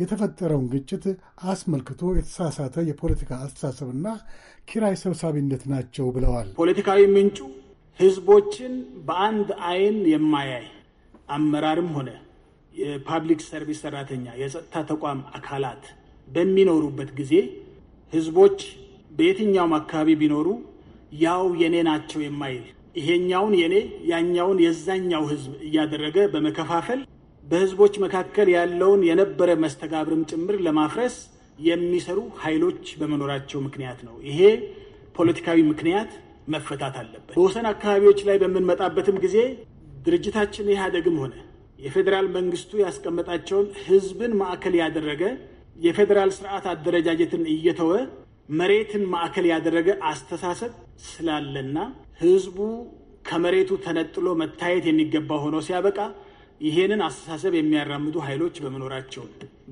[SPEAKER 11] የተፈጠረውን ግጭት አስመልክቶ የተሳሳተ የፖለቲካ አስተሳሰብና ኪራይ ሰብሳቢነት ናቸው ብለዋል።
[SPEAKER 4] ፖለቲካዊ ምንጩ ህዝቦችን በአንድ አይን የማያይ አመራርም ሆነ የፓብሊክ ሰርቪስ ሰራተኛ፣ የጸጥታ ተቋም አካላት በሚኖሩበት ጊዜ ህዝቦች በየትኛውም አካባቢ ቢኖሩ ያው የኔ ናቸው የማይል ይሄኛውን የኔ ያኛውን የዛኛው ህዝብ እያደረገ በመከፋፈል በህዝቦች መካከል ያለውን የነበረ መስተጋብርም ጭምር ለማፍረስ የሚሰሩ ኃይሎች በመኖራቸው ምክንያት ነው። ይሄ ፖለቲካዊ ምክንያት መፈታት አለበት። በወሰን አካባቢዎች ላይ በምንመጣበትም ጊዜ ድርጅታችን ኢህአዴግም ሆነ የፌዴራል መንግስቱ ያስቀመጣቸውን ህዝብን ማዕከል ያደረገ የፌዴራል ስርዓት አደረጃጀትን እየተወ መሬትን ማዕከል ያደረገ አስተሳሰብ ስላለና ህዝቡ ከመሬቱ ተነጥሎ መታየት የሚገባ ሆኖ ሲያበቃ ይሄንን አስተሳሰብ የሚያራምዱ ኃይሎች በመኖራቸው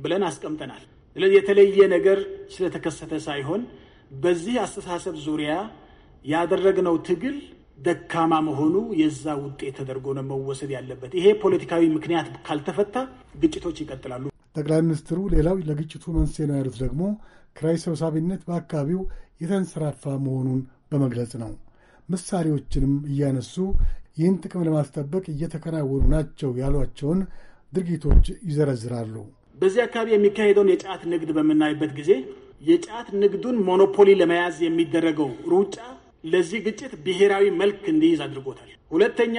[SPEAKER 4] ብለን አስቀምጠናል። ስለዚህ የተለየ ነገር ስለተከሰተ ሳይሆን በዚህ አስተሳሰብ ዙሪያ ያደረግነው ትግል ደካማ መሆኑ የዛ ውጤት ተደርጎ ነው መወሰድ ያለበት። ይሄ ፖለቲካዊ ምክንያት ካልተፈታ ግጭቶች ይቀጥላሉ።
[SPEAKER 11] ጠቅላይ ሚኒስትሩ ሌላው ለግጭቱ መንስኤ ነው ያሉት ደግሞ ኪራይ ሰብሳቢነት በአካባቢው የተንሰራፋ መሆኑን በመግለጽ ነው። ምሳሌዎችንም እያነሱ ይህን ጥቅም ለማስጠበቅ እየተከናወኑ ናቸው ያሏቸውን ድርጊቶች ይዘረዝራሉ።
[SPEAKER 4] በዚህ አካባቢ የሚካሄደውን የጫት ንግድ በምናይበት ጊዜ የጫት ንግዱን ሞኖፖሊ ለመያዝ የሚደረገው ሩጫ ለዚህ ግጭት ብሔራዊ መልክ እንዲይዝ አድርጎታል። ሁለተኛ፣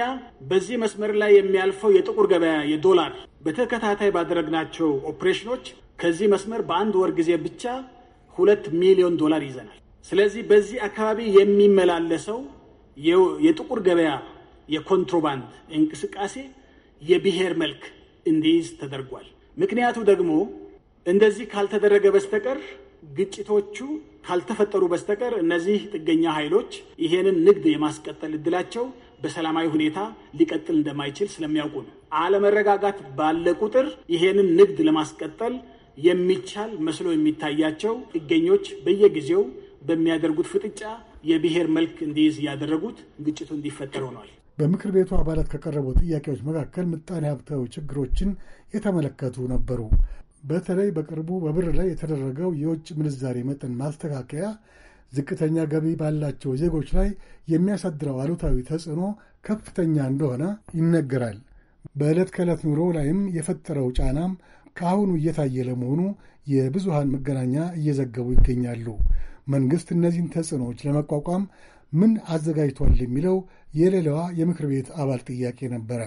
[SPEAKER 4] በዚህ መስመር ላይ የሚያልፈው የጥቁር ገበያ የዶላር በተከታታይ ባደረግናቸው ኦፕሬሽኖች ከዚህ መስመር በአንድ ወር ጊዜ ብቻ ሁለት ሚሊዮን ዶላር ይዘናል። ስለዚህ በዚህ አካባቢ የሚመላለሰው የጥቁር ገበያ የኮንትሮባንድ እንቅስቃሴ የብሔር መልክ እንዲይዝ ተደርጓል። ምክንያቱ ደግሞ እንደዚህ ካልተደረገ በስተቀር ግጭቶቹ ካልተፈጠሩ በስተቀር እነዚህ ጥገኛ ኃይሎች ይሄንን ንግድ የማስቀጠል እድላቸው በሰላማዊ ሁኔታ ሊቀጥል እንደማይችል ስለሚያውቁ ነው። አለመረጋጋት ባለ ቁጥር ይሄንን ንግድ ለማስቀጠል የሚቻል መስሎ የሚታያቸው ጥገኞች በየጊዜው በሚያደርጉት ፍጥጫ የብሔር መልክ እንዲይዝ ያደረጉት ግጭቱ እንዲፈጠር ሆኗል።
[SPEAKER 11] በምክር ቤቱ አባላት ከቀረቡ ጥያቄዎች መካከል ምጣኔ ሀብታዊ ችግሮችን የተመለከቱ ነበሩ። በተለይ በቅርቡ በብር ላይ የተደረገው የውጭ ምንዛሬ መጠን ማስተካከያ ዝቅተኛ ገቢ ባላቸው ዜጎች ላይ የሚያሳድረው አሉታዊ ተጽዕኖ ከፍተኛ እንደሆነ ይነገራል። በዕለት ከዕለት ኑሮ ላይም የፈጠረው ጫናም ከአሁኑ እየታየ ለመሆኑ የብዙሃን መገናኛ እየዘገቡ ይገኛሉ። መንግሥት እነዚህን ተጽዕኖዎች ለመቋቋም ምን አዘጋጅቷል የሚለው የሌላዋ የምክር ቤት አባል ጥያቄ ነበረ።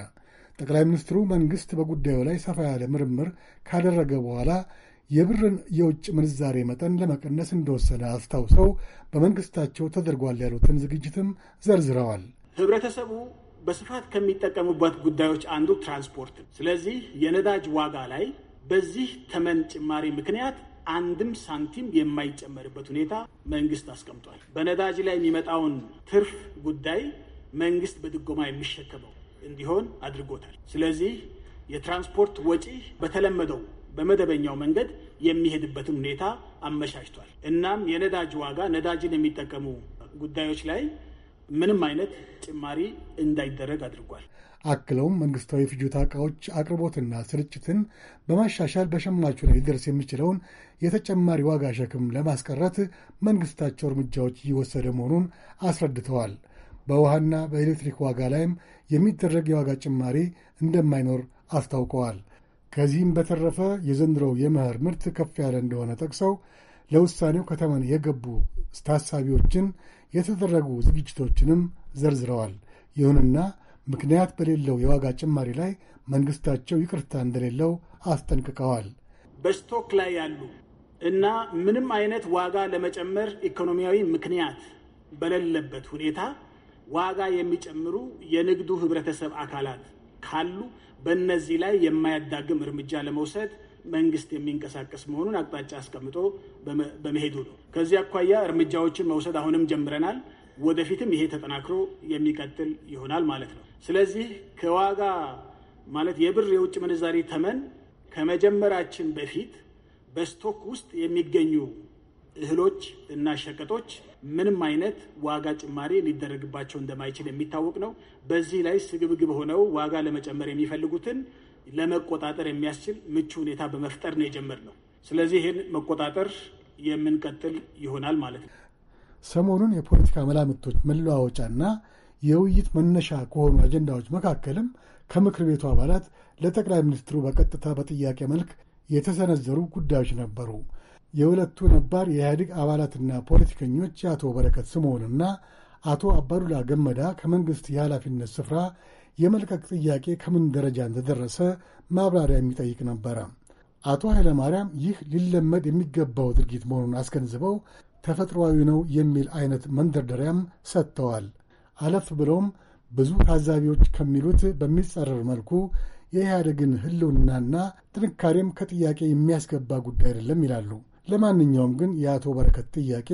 [SPEAKER 11] ጠቅላይ ሚኒስትሩ መንግሥት በጉዳዩ ላይ ሰፋ ያለ ምርምር ካደረገ በኋላ የብርን የውጭ ምንዛሬ መጠን ለመቀነስ እንደወሰነ አስታውሰው በመንግስታቸው ተደርጓል ያሉትን ዝግጅትም ዘርዝረዋል።
[SPEAKER 4] ህብረተሰቡ በስፋት ከሚጠቀሙበት ጉዳዮች አንዱ ትራንስፖርት። ስለዚህ የነዳጅ ዋጋ ላይ በዚህ ተመን ጭማሪ ምክንያት አንድም ሳንቲም የማይጨመርበት ሁኔታ መንግስት አስቀምጧል። በነዳጅ ላይ የሚመጣውን ትርፍ ጉዳይ መንግስት በድጎማ የሚሸከመው እንዲሆን አድርጎታል። ስለዚህ የትራንስፖርት ወጪ በተለመደው በመደበኛው መንገድ የሚሄድበትን ሁኔታ አመቻችቷል። እናም የነዳጅ ዋጋ ነዳጅን የሚጠቀሙ ጉዳዮች ላይ ምንም አይነት ጭማሪ እንዳይደረግ አድርጓል።
[SPEAKER 11] አክለውም መንግስታዊ ፍጆታ እቃዎች አቅርቦትና ስርጭትን በማሻሻል በሸማቹ ላይ ሊደርስ የሚችለውን የተጨማሪ ዋጋ ሸክም ለማስቀረት መንግስታቸው እርምጃዎች እየወሰደ መሆኑን አስረድተዋል። በውሃና በኤሌክትሪክ ዋጋ ላይም የሚደረግ የዋጋ ጭማሪ እንደማይኖር አስታውቀዋል። ከዚህም በተረፈ የዘንድሮው የመኸር ምርት ከፍ ያለ እንደሆነ ጠቅሰው ለውሳኔው ከተማን የገቡ ታሳቢዎችን የተደረጉ ዝግጅቶችንም ዘርዝረዋል። ይሁንና ምክንያት በሌለው የዋጋ ጭማሪ ላይ መንግስታቸው ይቅርታ እንደሌለው አስጠንቅቀዋል።
[SPEAKER 4] በስቶክ ላይ ያሉ እና ምንም አይነት ዋጋ ለመጨመር ኢኮኖሚያዊ ምክንያት በሌለበት ሁኔታ ዋጋ የሚጨምሩ የንግዱ ህብረተሰብ አካላት ካሉ በእነዚህ ላይ የማያዳግም እርምጃ ለመውሰድ መንግስት የሚንቀሳቀስ መሆኑን አቅጣጫ አስቀምጦ በመሄዱ ነው። ከዚህ አኳያ እርምጃዎችን መውሰድ አሁንም ጀምረናል። ወደፊትም ይሄ ተጠናክሮ የሚቀጥል ይሆናል ማለት ነው። ስለዚህ ከዋጋ ማለት የብር የውጭ ምንዛሪ ተመን ከመጀመራችን በፊት በስቶክ ውስጥ የሚገኙ እህሎች እና ሸቀጦች ምንም አይነት ዋጋ ጭማሪ ሊደረግባቸው እንደማይችል የሚታወቅ ነው። በዚህ ላይ ስግብግብ ሆነው ዋጋ ለመጨመር የሚፈልጉትን ለመቆጣጠር የሚያስችል ምቹ ሁኔታ በመፍጠር ነው የጀመርነው። ስለዚህ ይህን መቆጣጠር የምንቀጥል ይሆናል ማለት ነው።
[SPEAKER 11] ሰሞኑን የፖለቲካ መላምቶች መለዋወጫና የውይይት መነሻ ከሆኑ አጀንዳዎች መካከልም ከምክር ቤቱ አባላት ለጠቅላይ ሚኒስትሩ በቀጥታ በጥያቄ መልክ የተሰነዘሩ ጉዳዮች ነበሩ። የሁለቱ ነባር የኢህአዴግ አባላትና ፖለቲከኞች የአቶ በረከት ስምዖንና አቶ አባዱላ ገመዳ ከመንግሥት የኃላፊነት ስፍራ የመልቀቅ ጥያቄ ከምን ደረጃ እንደደረሰ ማብራሪያ የሚጠይቅ ነበረ። አቶ ኃይለማርያም ይህ ሊለመድ የሚገባው ድርጊት መሆኑን አስገንዝበው ተፈጥሯዊ ነው የሚል አይነት መንደርደሪያም ሰጥተዋል። አለፍ ብለውም ብዙ ታዛቢዎች ከሚሉት በሚጸረር መልኩ የኢህአደግን ህልውናና ጥንካሬም ከጥያቄ የሚያስገባ ጉዳይ አይደለም ይላሉ። ለማንኛውም ግን የአቶ በረከት ጥያቄ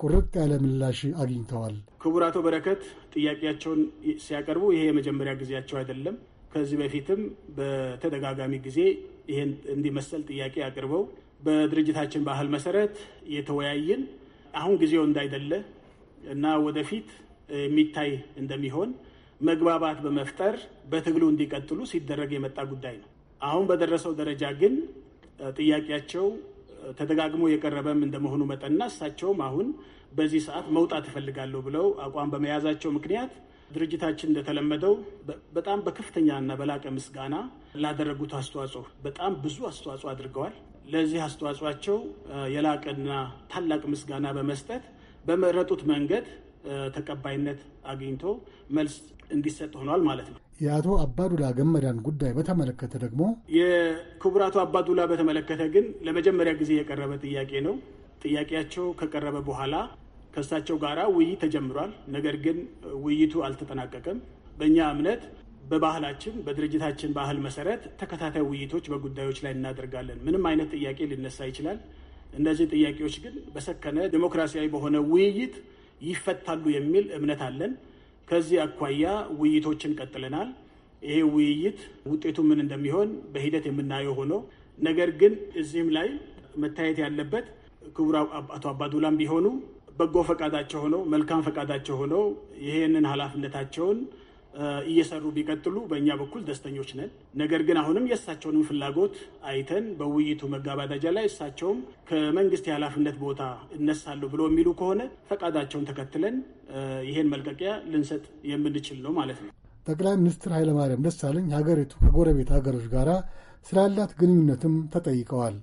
[SPEAKER 11] ቁርጥ ያለ ምላሽ አግኝተዋል።
[SPEAKER 4] ክቡር አቶ በረከት ጥያቄያቸውን ሲያቀርቡ ይሄ የመጀመሪያ ጊዜያቸው አይደለም። ከዚህ በፊትም በተደጋጋሚ ጊዜ ይህን እንዲመሰል ጥያቄ አቅርበው በድርጅታችን ባህል መሰረት የተወያየን አሁን ጊዜው እንዳይደለ እና ወደፊት የሚታይ እንደሚሆን መግባባት በመፍጠር በትግሉ እንዲቀጥሉ ሲደረግ የመጣ ጉዳይ ነው። አሁን በደረሰው ደረጃ ግን ጥያቄያቸው ተደጋግሞ የቀረበም እንደመሆኑ መጠንና እሳቸውም አሁን በዚህ ሰዓት መውጣት እፈልጋለሁ ብለው አቋም በመያዛቸው ምክንያት ድርጅታችን እንደተለመደው በጣም በከፍተኛ ና በላቀ ምስጋና ላደረጉት አስተዋጽኦ በጣም ብዙ አስተዋጽኦ አድርገዋል። ለዚህ አስተዋጽኦአቸው የላቀና ታላቅ ምስጋና በመስጠት በመረጡት መንገድ ተቀባይነት አግኝቶ መልስ እንዲሰጥ ሆኗል ማለት ነው።
[SPEAKER 11] የአቶ አባዱላ ገመዳን ጉዳይ በተመለከተ ደግሞ
[SPEAKER 4] የክቡር አቶ አባዱላ በተመለከተ ግን ለመጀመሪያ ጊዜ የቀረበ ጥያቄ ነው። ጥያቄያቸው ከቀረበ በኋላ ከእሳቸው ጋራ ውይይት ተጀምሯል። ነገር ግን ውይይቱ አልተጠናቀቀም። በእኛ እምነት በባህላችን በድርጅታችን ባህል መሰረት ተከታታይ ውይይቶች በጉዳዮች ላይ እናደርጋለን። ምንም አይነት ጥያቄ ሊነሳ ይችላል። እነዚህ ጥያቄዎች ግን በሰከነ ዴሞክራሲያዊ በሆነ ውይይት ይፈታሉ የሚል እምነት አለን። ከዚህ አኳያ ውይይቶችን ቀጥለናል። ይሄ ውይይት ውጤቱ ምን እንደሚሆን በሂደት የምናየው ሆኖ፣ ነገር ግን እዚህም ላይ መታየት ያለበት ክቡር አቶ አባዱላም ቢሆኑ በጎ ፈቃዳቸው ሆኖ መልካም ፈቃዳቸው ሆነው ይሄንን ኃላፊነታቸውን እየሰሩ ቢቀጥሉ በእኛ በኩል ደስተኞች ነን። ነገር ግን አሁንም የእሳቸውንም ፍላጎት አይተን በውይይቱ መጋባዳጃ ላይ እሳቸውም ከመንግስት የኃላፊነት ቦታ እነሳሉ ብሎ የሚሉ ከሆነ ፈቃዳቸውን ተከትለን ይሄን መልቀቂያ ልንሰጥ የምንችል ነው ማለት ነው።
[SPEAKER 11] ጠቅላይ ሚኒስትር ኃይለማርያም ደሳለኝ ሀገሪቱ ከጎረቤት ሀገሮች ጋር ስላላት ግንኙነትም ተጠይቀዋል።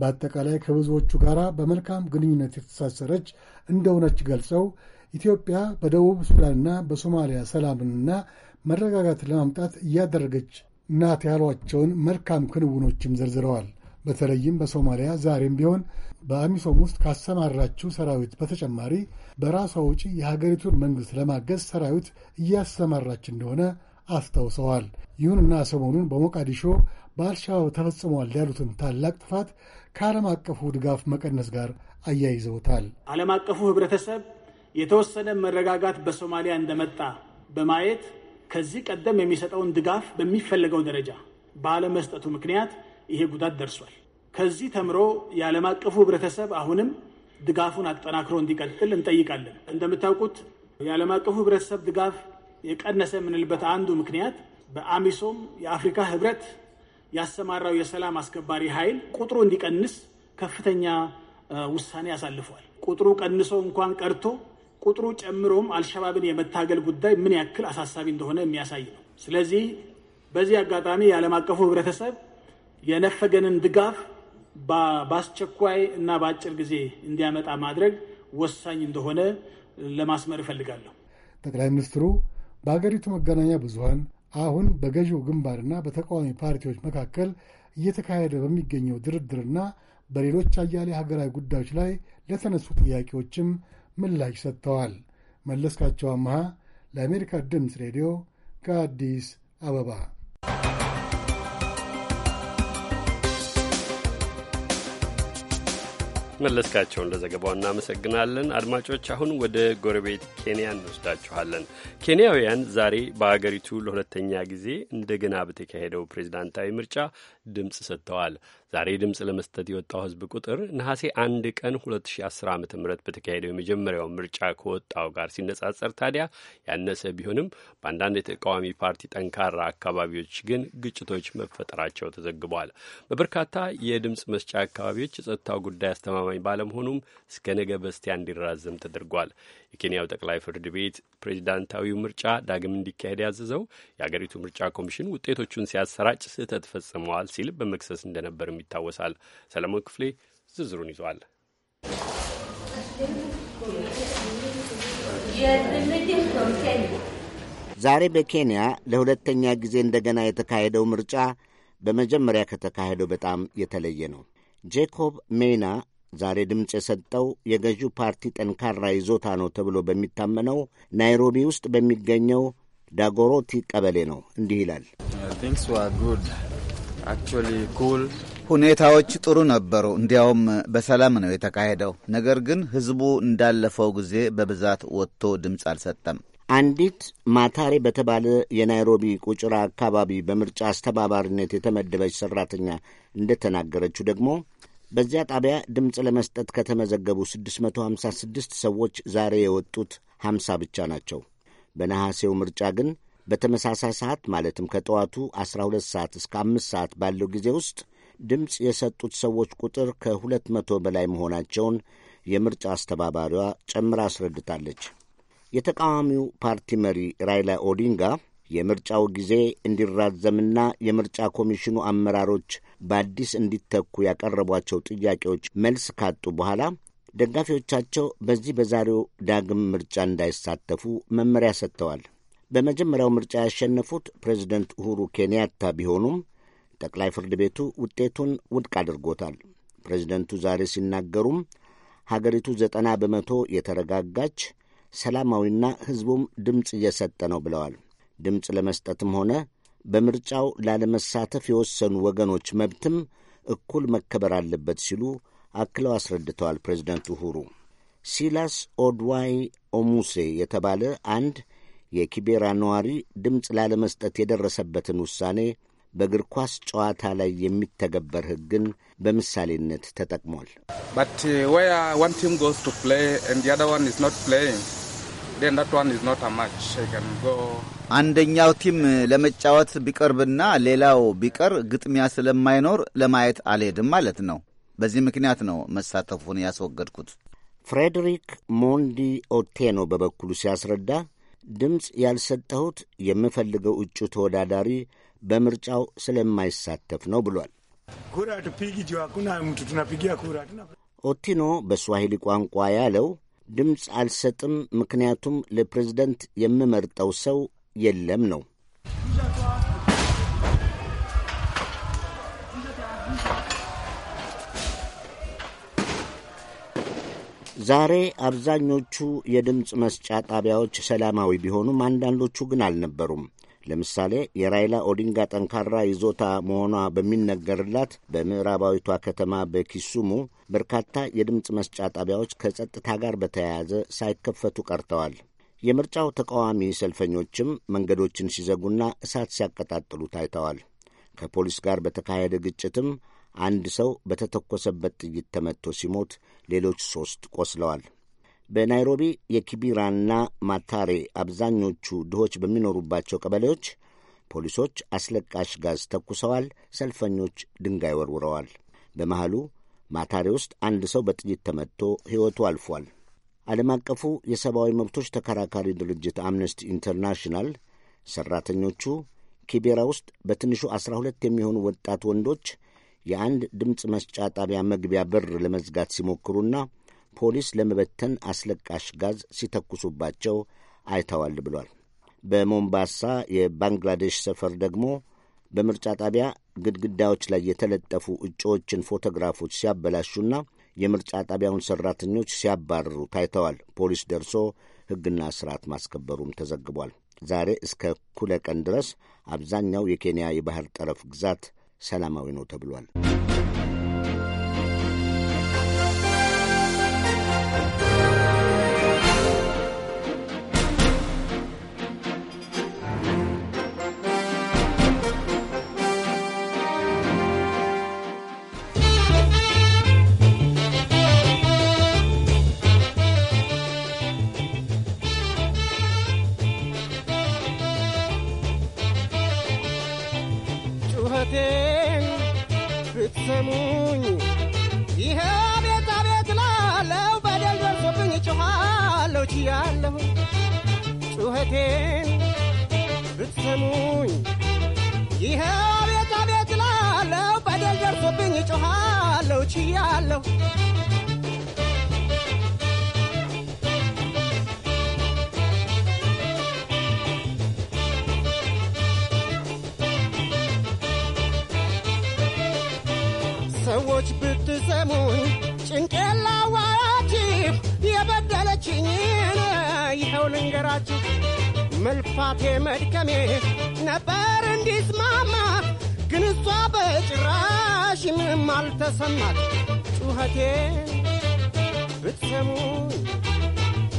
[SPEAKER 11] በአጠቃላይ ከብዙዎቹ ጋር በመልካም ግንኙነት የተሳሰረች እንደሆነች ገልጸው ኢትዮጵያ በደቡብ ሱዳንና በሶማሊያ ሰላምንና መረጋጋት ለማምጣት እያደረገች ናት ያሏቸውን መልካም ክንውኖችም ዘርዝረዋል። በተለይም በሶማሊያ ዛሬም ቢሆን በአሚሶም ውስጥ ካሰማራችው ሰራዊት በተጨማሪ በራሷ ውጪ የሀገሪቱን መንግሥት ለማገዝ ሰራዊት እያሰማራች እንደሆነ አስታውሰዋል። ይሁንና ሰሞኑን በሞቃዲሾ በአልሸባብ ተፈጽሟል ያሉትን ታላቅ ጥፋት ከዓለም አቀፉ ድጋፍ መቀነስ ጋር አያይዘውታል።
[SPEAKER 4] ዓለም አቀፉ ህብረተሰብ የተወሰነ መረጋጋት በሶማሊያ እንደመጣ በማየት ከዚህ ቀደም የሚሰጠውን ድጋፍ በሚፈለገው ደረጃ ባለመስጠቱ ምክንያት ይሄ ጉዳት ደርሷል። ከዚህ ተምሮ የዓለም አቀፉ ህብረተሰብ አሁንም ድጋፉን አጠናክሮ እንዲቀጥል እንጠይቃለን። እንደምታውቁት የዓለም አቀፉ ህብረተሰብ ድጋፍ የቀነሰ የምንልበት አንዱ ምክንያት በአሚሶም የአፍሪካ ህብረት ያሰማራው የሰላም አስከባሪ ኃይል ቁጥሩ እንዲቀንስ ከፍተኛ ውሳኔ አሳልፏል። ቁጥሩ ቀንሶ እንኳን ቀርቶ ቁጥሩ ጨምሮም አልሸባብን የመታገል ጉዳይ ምን ያክል አሳሳቢ እንደሆነ የሚያሳይ ነው። ስለዚህ በዚህ አጋጣሚ የዓለም አቀፉ ህብረተሰብ የነፈገንን ድጋፍ በአስቸኳይ እና በአጭር ጊዜ እንዲያመጣ ማድረግ ወሳኝ እንደሆነ ለማስመር እፈልጋለሁ።
[SPEAKER 11] ጠቅላይ ሚኒስትሩ በሀገሪቱ መገናኛ ብዙሀን አሁን በገዢው ግንባርና በተቃዋሚ ፓርቲዎች መካከል እየተካሄደ በሚገኘው ድርድርና በሌሎች አያሌ ሀገራዊ ጉዳዮች ላይ ለተነሱ ጥያቄዎችም ምላሽ ሰጥተዋል። መለስካቸው አመሃ ለአሜሪካ ድምፅ ሬዲዮ ከአዲስ አበባ
[SPEAKER 1] መለስካቸውን ለዘገባው እናመሰግናለን። አድማጮች አሁን ወደ ጎረቤት ኬንያ እንወስዳችኋለን። ኬንያውያን ዛሬ በአገሪቱ ለሁለተኛ ጊዜ እንደገና በተካሄደው ፕሬዝዳንታዊ ምርጫ ድምፅ ሰጥተዋል። ዛሬ ድምፅ ለመስጠት የወጣው ህዝብ ቁጥር ነሐሴ አንድ ቀን 2010 ዓ ም በተካሄደው የመጀመሪያው ምርጫ ከወጣው ጋር ሲነጻጸር ታዲያ ያነሰ ቢሆንም በአንዳንድ የተቃዋሚ ፓርቲ ጠንካራ አካባቢዎች ግን ግጭቶች መፈጠራቸው ተዘግቧል። በበርካታ የድምፅ መስጫ አካባቢዎች የጸጥታው ጉዳይ አስተማማኝ ባለመሆኑም እስከ ነገ በስቲያ እንዲራዘም ተደርጓል። የኬንያው ጠቅላይ ፍርድ ቤት ፕሬዚዳንታዊው ምርጫ ዳግም እንዲካሄድ ያዘዘው የአገሪቱ ምርጫ ኮሚሽን ውጤቶቹን ሲያሰራጭ ስህተት ፈጽመዋል ሲል በመክሰስ እንደነበርም ይታወሳል። ሰለሞን ክፍሌ ዝርዝሩን ይዟል።
[SPEAKER 12] ዛሬ በኬንያ ለሁለተኛ ጊዜ እንደገና የተካሄደው ምርጫ በመጀመሪያ ከተካሄደው በጣም የተለየ ነው። ጄኮብ ሜና ዛሬ ድምፅ የሰጠው የገዢው ፓርቲ ጠንካራ ይዞታ ነው ተብሎ በሚታመነው ናይሮቢ ውስጥ በሚገኘው ዳጎሮቲ ቀበሌ ነው። እንዲህ ይላል።
[SPEAKER 5] ሁኔታዎች ጥሩ ነበሩ። እንዲያውም በሰላም ነው የተካሄደው። ነገር ግን
[SPEAKER 12] ሕዝቡ እንዳለፈው ጊዜ በብዛት ወጥቶ ድምፅ አልሰጠም። አንዲት ማታሬ በተባለ የናይሮቢ ቁጭራ አካባቢ በምርጫ አስተባባሪነት የተመደበች ሰራተኛ እንደተናገረችው ደግሞ በዚያ ጣቢያ ድምፅ ለመስጠት ከተመዘገቡ 656 ሰዎች ዛሬ የወጡት 50 ብቻ ናቸው። በነሐሴው ምርጫ ግን በተመሳሳይ ሰዓት ማለትም ከጠዋቱ 12 ሰዓት እስከ 5 ሰዓት ባለው ጊዜ ውስጥ ድምፅ የሰጡት ሰዎች ቁጥር ከ200 በላይ መሆናቸውን የምርጫ አስተባባሪዋ ጨምራ አስረድታለች። የተቃዋሚው ፓርቲ መሪ ራይላ ኦዲንጋ የምርጫው ጊዜ እንዲራዘምና የምርጫ ኮሚሽኑ አመራሮች በአዲስ እንዲተኩ ያቀረቧቸው ጥያቄዎች መልስ ካጡ በኋላ ደጋፊዎቻቸው በዚህ በዛሬው ዳግም ምርጫ እንዳይሳተፉ መመሪያ ሰጥተዋል። በመጀመሪያው ምርጫ ያሸነፉት ፕሬዚደንት ኡሁሩ ኬንያታ ቢሆኑም ጠቅላይ ፍርድ ቤቱ ውጤቱን ውድቅ አድርጎታል። ፕሬዚደንቱ ዛሬ ሲናገሩም ሀገሪቱ ዘጠና በመቶ የተረጋጋች ሰላማዊና ሕዝቡም ድምፅ እየሰጠ ነው ብለዋል። ድምፅ ለመስጠትም ሆነ በምርጫው ላለመሳተፍ የወሰኑ ወገኖች መብትም እኩል መከበር አለበት ሲሉ አክለው አስረድተዋል። ፕሬዚደንት ኡሁሩ ሲላስ ኦድዋይ ኦሙሴ የተባለ አንድ የኪቤራ ነዋሪ ድምፅ ላለመስጠት የደረሰበትን ውሳኔ በእግር ኳስ ጨዋታ ላይ የሚተገበር ሕግን በምሳሌነት ተጠቅሟል።
[SPEAKER 13] uh,
[SPEAKER 5] አንደኛው ቲም ለመጫወት ቢቀርብና ሌላው ቢቀር ግጥሚያ ስለማይኖር ለማየት አልሄድም ማለት ነው። በዚህ ምክንያት ነው መሳተፉን ያስወገድኩት።
[SPEAKER 12] ፍሬድሪክ ሞንዲ ኦቴኖ በበኩሉ ሲያስረዳ ድምፅ ያልሰጠሁት የምፈልገው እጩ ተወዳዳሪ በምርጫው ስለማይሳተፍ ነው ብሏል። ኦቲኖ በስዋሂሊ ቋንቋ ያለው ድምፅ አልሰጥም፣ ምክንያቱም ለፕሬዝደንት የምመርጠው ሰው የለም ነው። ዛሬ አብዛኞቹ የድምፅ መስጫ ጣቢያዎች ሰላማዊ ቢሆኑም አንዳንዶቹ ግን አልነበሩም። ለምሳሌ የራይላ ኦዲንጋ ጠንካራ ይዞታ መሆኗ በሚነገርላት በምዕራባዊቷ ከተማ በኪሱሙ በርካታ የድምፅ መስጫ ጣቢያዎች ከጸጥታ ጋር በተያያዘ ሳይከፈቱ ቀርተዋል። የምርጫው ተቃዋሚ ሰልፈኞችም መንገዶችን ሲዘጉና እሳት ሲያቀጣጥሉ ታይተዋል። ከፖሊስ ጋር በተካሄደ ግጭትም አንድ ሰው በተተኮሰበት ጥይት ተመትቶ ሲሞት ሌሎች ሦስት ቆስለዋል። በናይሮቢ የኪቢራና ማታሬ አብዛኞቹ ድሆች በሚኖሩባቸው ቀበሌዎች ፖሊሶች አስለቃሽ ጋዝ ተኩሰዋል። ሰልፈኞች ድንጋይ ወርውረዋል። በመሃሉ ማታሬ ውስጥ አንድ ሰው በጥይት ተመትቶ ሕይወቱ አልፏል። ዓለም አቀፉ የሰብአዊ መብቶች ተከራካሪ ድርጅት አምነስቲ ኢንተርናሽናል ሠራተኞቹ ኪቤራ ውስጥ በትንሹ ዐሥራ ሁለት የሚሆኑ ወጣት ወንዶች የአንድ ድምፅ መስጫ ጣቢያ መግቢያ በር ለመዝጋት ሲሞክሩና ፖሊስ ለመበተን አስለቃሽ ጋዝ ሲተኩሱባቸው አይተዋል ብሏል። በሞምባሳ የባንግላዴሽ ሰፈር ደግሞ በምርጫ ጣቢያ ግድግዳዎች ላይ የተለጠፉ እጩዎችን ፎቶግራፎች ሲያበላሹና የምርጫ ጣቢያውን ሠራተኞች ሲያባርሩ ታይተዋል። ፖሊስ ደርሶ ሕግና ስርዓት ማስከበሩም ተዘግቧል። ዛሬ እስከ እኩለ ቀን ድረስ አብዛኛው የኬንያ የባህር ጠረፍ ግዛት ሰላማዊ ነው ተብሏል።
[SPEAKER 11] አትስሙኝ።
[SPEAKER 5] ይሄ ቤት አቤት ላለው በደል
[SPEAKER 9] ደርሶብኝ ጮኋለሁ ችያለሁ። ጩኸቴን ብትሰሙኝ ይሄ ቤት አቤት ላለው በደል
[SPEAKER 7] ደርሶብኝ ጮኋለሁ ችያለሁ
[SPEAKER 9] ነው ልንገራችሁ መልፋቴ መድከሜ ነበር እንዲስማማ ግን እሷ በጭራሽ ምንም አልተሰማት። ጩኸቴን ብትሰሙኝ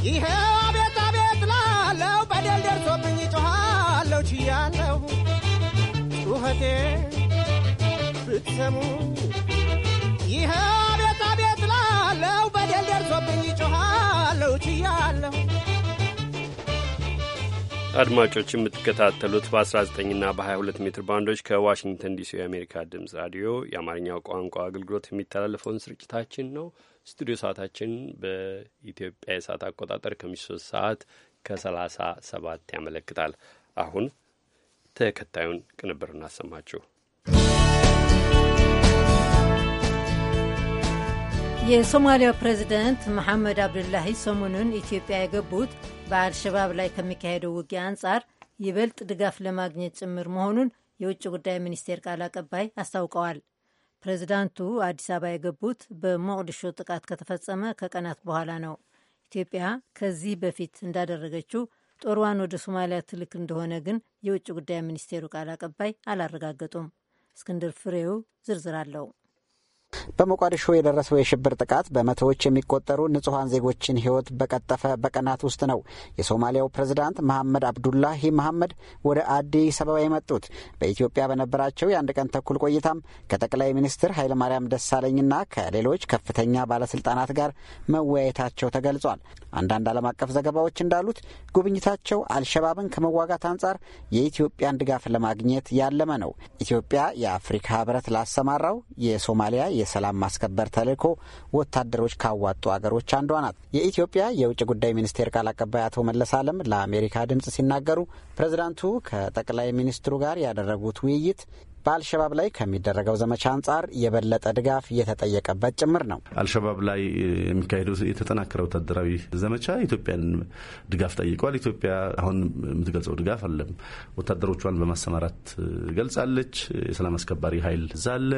[SPEAKER 9] ይኸው አቤት አቤት ላለው በደል ደርሶብኝ ጮኋለሁ ችያለሁ። ጩኸቴ ብትሰሙ
[SPEAKER 5] ይኸው አቤት
[SPEAKER 7] አቤት ላለው
[SPEAKER 5] በደል ደርሶብኝ ጮኋለሁ ችያለሁ ጩኸቴ ብትሰሙ ይኸው አቤት አቤት ላለው በደል ደርሶብኝ
[SPEAKER 7] ጮኋለሁ ችያለሁ
[SPEAKER 1] አድማጮች የምትከታተሉት በ19ና በ22 ሜትር ባንዶች ከዋሽንግተን ዲሲ የአሜሪካ ድምፅ ራዲዮ የአማርኛው ቋንቋ አገልግሎት የሚተላለፈውን ስርጭታችን ነው። ስቱዲዮ ሰዓታችን በኢትዮጵያ የሰዓት አቆጣጠር ከምሽቱ 3 ሰዓት ከ37 ያመለክታል። አሁን ተከታዩን ቅንብር እናሰማችሁ።
[SPEAKER 3] የሶማሊያ ፕሬዚደንት መሐመድ አብዱላሂ ሰሞኑን ኢትዮጵያ የገቡት በአልሸባብ ላይ ከሚካሄደው ውጊያ አንጻር ይበልጥ ድጋፍ ለማግኘት ጭምር መሆኑን የውጭ ጉዳይ ሚኒስቴር ቃል አቀባይ አስታውቀዋል። ፕሬዚዳንቱ አዲስ አበባ የገቡት በሞቅዲሾ ጥቃት ከተፈጸመ ከቀናት በኋላ ነው። ኢትዮጵያ ከዚህ በፊት እንዳደረገችው ጦርዋን ወደ ሶማሊያ ትልክ እንደሆነ ግን የውጭ ጉዳይ ሚኒስቴሩ ቃል አቀባይ አላረጋገጡም። እስክንድር ፍሬው ዝርዝር አለው።
[SPEAKER 9] በሞቃዲሾ የደረሰው የሽብር ጥቃት በመቶዎች የሚቆጠሩ ንጹሐን ዜጎችን ሕይወት በቀጠፈ በቀናት ውስጥ ነው የሶማሊያው ፕሬዝዳንት መሐመድ አብዱላሂ መሐመድ ወደ አዲስ አበባ የመጡት። በኢትዮጵያ በነበራቸው የአንድ ቀን ተኩል ቆይታም ከጠቅላይ ሚኒስትር ኃይለማርያም ደሳለኝና ከሌሎች ከፍተኛ ባለስልጣናት ጋር መወያየታቸው ተገልጿል። አንዳንድ ዓለም አቀፍ ዘገባዎች እንዳሉት ጉብኝታቸው አልሸባብን ከመዋጋት አንጻር የኢትዮጵያን ድጋፍ ለማግኘት ያለመ ነው። ኢትዮጵያ የአፍሪካ ህብረት ላሰማራው የሶማሊያ የሰላም ማስከበር ተልዕኮ ወታደሮች ካዋጡ አገሮች አንዷ ናት። የኢትዮጵያ የውጭ ጉዳይ ሚኒስቴር ቃል አቀባይ አቶ መለስ አለም ለአሜሪካ ድምፅ ሲናገሩ ፕሬዝዳንቱ ከጠቅላይ ሚኒስትሩ ጋር ያደረጉት ውይይት በአልሸባብ ላይ ከሚደረገው ዘመቻ አንጻር የበለጠ ድጋፍ እየተጠየቀበት ጭምር ነው።
[SPEAKER 14] አልሸባብ ላይ የሚካሄደው የተጠናከረ ወታደራዊ ዘመቻ ኢትዮጵያን ድጋፍ ጠይቋል። ኢትዮጵያ አሁን የምትገልጸው ድጋፍ አለም። ወታደሮቿን በማሰማራት ገልጻለች። የሰላም አስከባሪ ኃይል እዛ አለ።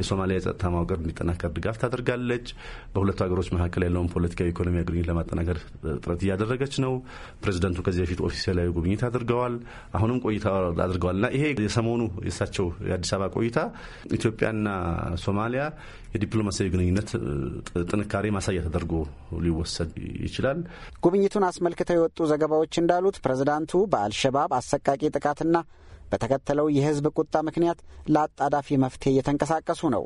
[SPEAKER 14] የሶማሊያ የጸጥታ ማውቀር እንዲጠናከር ድጋፍ ታደርጋለች። በሁለቱ ሀገሮች መካከል ያለውን ፖለቲካዊ፣ ኢኮኖሚያዊ ግንኙነት ለማጠናከር ጥረት እያደረገች ነው። ፕሬዚደንቱ ከዚህ በፊት ኦፊሴላዊ ጉብኝት አድርገዋል። አሁንም ቆይታ አድርገዋል እና ይሄ የሰሞኑ የሳቸው የአዲስ አበባ ቆይታ ኢትዮጵያና ሶማሊያ የዲፕሎማሲያዊ ግንኙነት ጥንካሬ ማሳያ ተደርጎ ሊወሰድ ይችላል። ጉብኝቱን አስመልክተው የወጡ ዘገባዎች እንዳሉት ፕሬዝዳንቱ በአልሸባብ
[SPEAKER 9] አሰቃቂ ጥቃትና በተከተለው የህዝብ ቁጣ ምክንያት ለአጣዳፊ መፍትሄ እየተንቀሳቀሱ ነው።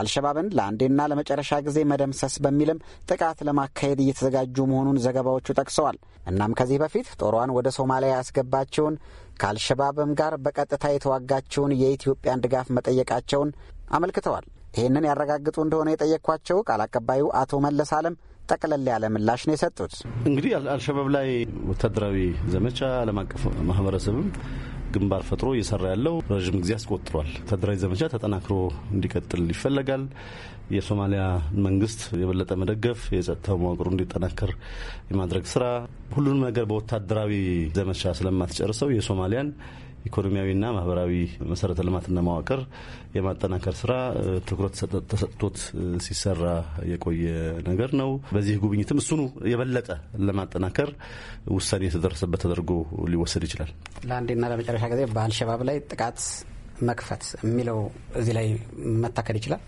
[SPEAKER 9] አልሸባብን ለአንዴና ለመጨረሻ ጊዜ መደምሰስ በሚልም ጥቃት ለማካሄድ እየተዘጋጁ መሆኑን ዘገባዎቹ ጠቅሰዋል። እናም ከዚህ በፊት ጦሯን ወደ ሶማሊያ ያስገባቸውን ከአልሸባብም ጋር በቀጥታ የተዋጋችውን የኢትዮጵያን ድጋፍ መጠየቃቸውን አመልክተዋል። ይህንን ያረጋግጡ እንደሆነ የጠየቅኳቸው ቃል አቀባዩ አቶ መለስ አለም ጠቅለል ያለ
[SPEAKER 14] ምላሽ ነው የሰጡት። እንግዲህ አልሸባብ ላይ ወታደራዊ ዘመቻ ዓለም አቀፍ ማህበረሰብም ግንባር ፈጥሮ እየሰራ ያለው ረዥም ጊዜ አስቆጥሯል። ወታደራዊ ዘመቻ ተጠናክሮ እንዲቀጥል ይፈለጋል። የሶማሊያ መንግስት የበለጠ መደገፍ፣ የጸጥታው መዋቅሩ እንዲጠናከር የማድረግ ስራ፣ ሁሉንም ነገር በወታደራዊ ዘመቻ ስለማትጨርሰው የሶማሊያን ኢኮኖሚያዊና ማህበራዊ መሰረተ ልማትና መዋቅር የማጠናከር ስራ ትኩረት ተሰጥቶት ሲሰራ የቆየ ነገር ነው። በዚህ ጉብኝትም እሱኑ የበለጠ ለማጠናከር ውሳኔ የተደረሰበት ተደርጎ ሊወሰድ ይችላል።
[SPEAKER 9] ለአንዴና ለመጨረሻ ጊዜ በአልሸባብ ላይ ጥቃት መክፈት የሚለው እዚህ ላይ መታከል ይችላል።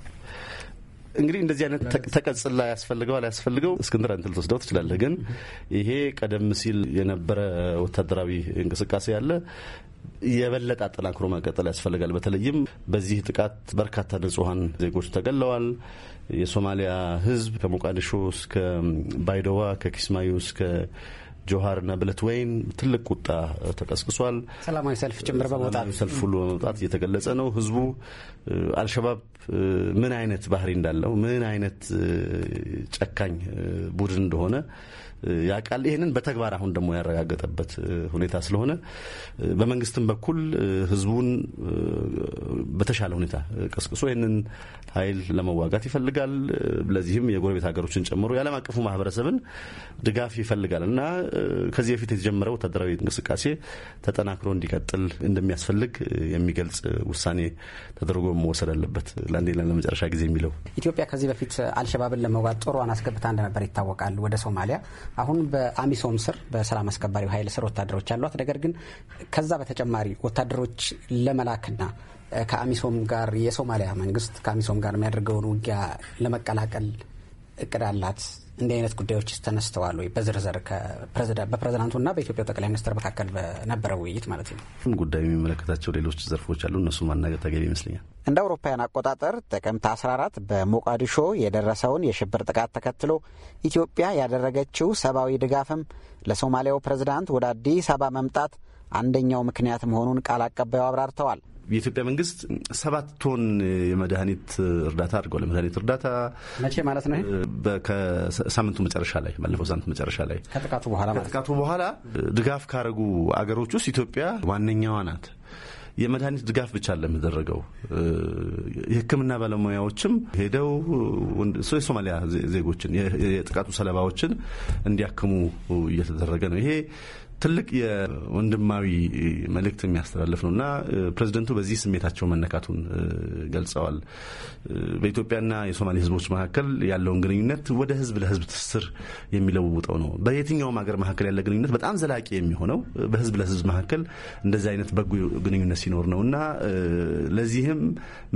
[SPEAKER 14] እንግዲህ እንደዚህ አይነት ተቀጽላ ያስፈልገው አላያስፈልገው እስክንድር አንተ ልትወስደው ትችላለህ። ግን ይሄ ቀደም ሲል የነበረ ወታደራዊ እንቅስቃሴ ያለ የበለጠ አጠናክሮ መቀጠል ያስፈልጋል። በተለይም በዚህ ጥቃት በርካታ ንጹሐን ዜጎች ተገለዋል። የሶማሊያ ሕዝብ ከሞቃዲሾ እስከ ባይዶዋ ከኪስማዩ እስከ ጆሀርና ብለት ወይን ትልቅ ቁጣ ተቀስቅሷል። ሰላማዊ ሰልፍ ጭምር በመውጣት ሰልፍ ሁሉ በመውጣት እየተገለጸ ነው። ህዝቡ አልሸባብ ምን አይነት ባህሪ እንዳለው ምን አይነት ጨካኝ ቡድን እንደሆነ ያውቃል። ይህንን በተግባር አሁን ደግሞ ያረጋገጠበት ሁኔታ ስለሆነ በመንግስትም በኩል ህዝቡን በተሻለ ሁኔታ ቀስቅሶ ይህንን ኃይል ለመዋጋት ይፈልጋል። ለዚህም የጎረቤት ሀገሮችን ጨምሮ የዓለም አቀፉ ማህበረሰብን ድጋፍ ይፈልጋል እና ከዚህ በፊት የተጀመረው ወታደራዊ እንቅስቃሴ ተጠናክሮ እንዲቀጥል እንደሚያስፈልግ የሚገልጽ ውሳኔ ተደርጎ መወሰድ አለበት። ለአንዴና ለመጨረሻ ጊዜ የሚለው
[SPEAKER 9] ኢትዮጵያ ከዚህ በፊት አልሸባብን ለመዋጥ ጦሯን አስገብታ እንደነበር ይታወቃል ወደ ሶማሊያ አሁን በአሚሶም ስር በሰላም አስከባሪ ኃይል ስር ወታደሮች አሏት። ነገር ግን ከዛ በተጨማሪ ወታደሮች ለመላክና ከአሚሶም ጋር የሶማሊያ መንግስት ከአሚሶም ጋር የሚያደርገውን ውጊያ ለመቀላቀል እቅድ አላት። እንዲህ አይነት ጉዳዮች ተነስተዋል ወይ? በዝርዝር በፕሬዝዳንቱና በኢትዮጵያ ጠቅላይ ሚኒስትር መካከል በነበረው ውይይት ማለት
[SPEAKER 14] ነው። ጉዳዩ የሚመለከታቸው ሌሎች ዘርፎች አሉ። እነሱ ማናገር ተገቢ ይመስለኛል።
[SPEAKER 9] እንደ አውሮፓውያን አቆጣጠር ጥቅምት 14 በሞቃዲሾ የደረሰውን የሽብር ጥቃት ተከትሎ ኢትዮጵያ ያደረገችው ሰብአዊ ድጋፍም ለሶማሊያው ፕሬዝዳንት ወደ አዲስ አበባ መምጣት አንደኛው
[SPEAKER 14] ምክንያት መሆኑን ቃል አቀባዩ አብራርተዋል። የኢትዮጵያ መንግስት ሰባት ቶን የመድኃኒት እርዳታ አድርገዋል። የመድኃኒት እርዳታ መቼ ማለት ነው? ከሳምንቱ መጨረሻ ላይ ባለፈው ሳምንት መጨረሻ ላይ ከጥቃቱ በኋላ ከጥቃቱ በኋላ ድጋፍ ካደረጉ አገሮች ውስጥ ኢትዮጵያ ዋነኛዋ ናት። የመድኃኒት ድጋፍ ብቻ ለሚደረገው የሕክምና ባለሙያዎችም ሄደው የሶማሊያ ዜጎችን የጥቃቱ ሰለባዎችን እንዲያክሙ እየተደረገ ነው። ይሄ ትልቅ የወንድማዊ መልእክት የሚያስተላልፍ ነው እና ፕሬዚደንቱ በዚህ ስሜታቸው መነካቱን ገልጸዋል። በኢትዮጵያና የሶማሌ ህዝቦች መካከል ያለውን ግንኙነት ወደ ህዝብ ለህዝብ ትስስር የሚለውጠው ነው። በየትኛውም ሀገር መካከል ያለ ግንኙነት በጣም ዘላቂ የሚሆነው በህዝብ ለህዝብ መካከል እንደዚህ አይነት በጎ ግንኙነት ሲኖር ነው እና ለዚህም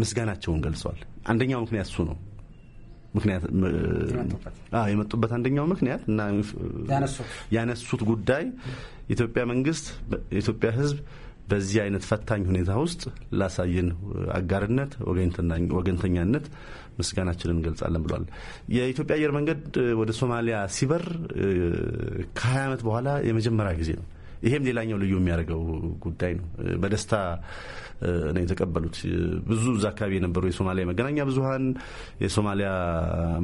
[SPEAKER 14] ምስጋናቸውን ገልጸዋል። አንደኛው ምክንያት እሱ ነው። ምክንያት የመጡበት አንደኛው ምክንያት እና ያነሱት ጉዳይ የኢትዮጵያ መንግስት የኢትዮጵያ ህዝብ በዚህ አይነት ፈታኝ ሁኔታ ውስጥ ላሳየን አጋርነት፣ ወገንተኛነት ምስጋናችንን እንገልጻለን ብሏል። የኢትዮጵያ አየር መንገድ ወደ ሶማሊያ ሲበር ከ20 ዓመት በኋላ የመጀመሪያ ጊዜ ነው። ይሄም ሌላኛው ልዩ የሚያደርገው ጉዳይ ነው። በደስታ ነው የተቀበሉት። ብዙ እዛ አካባቢ የነበሩ የሶማሊያ መገናኛ ብዙኃን የሶማሊያ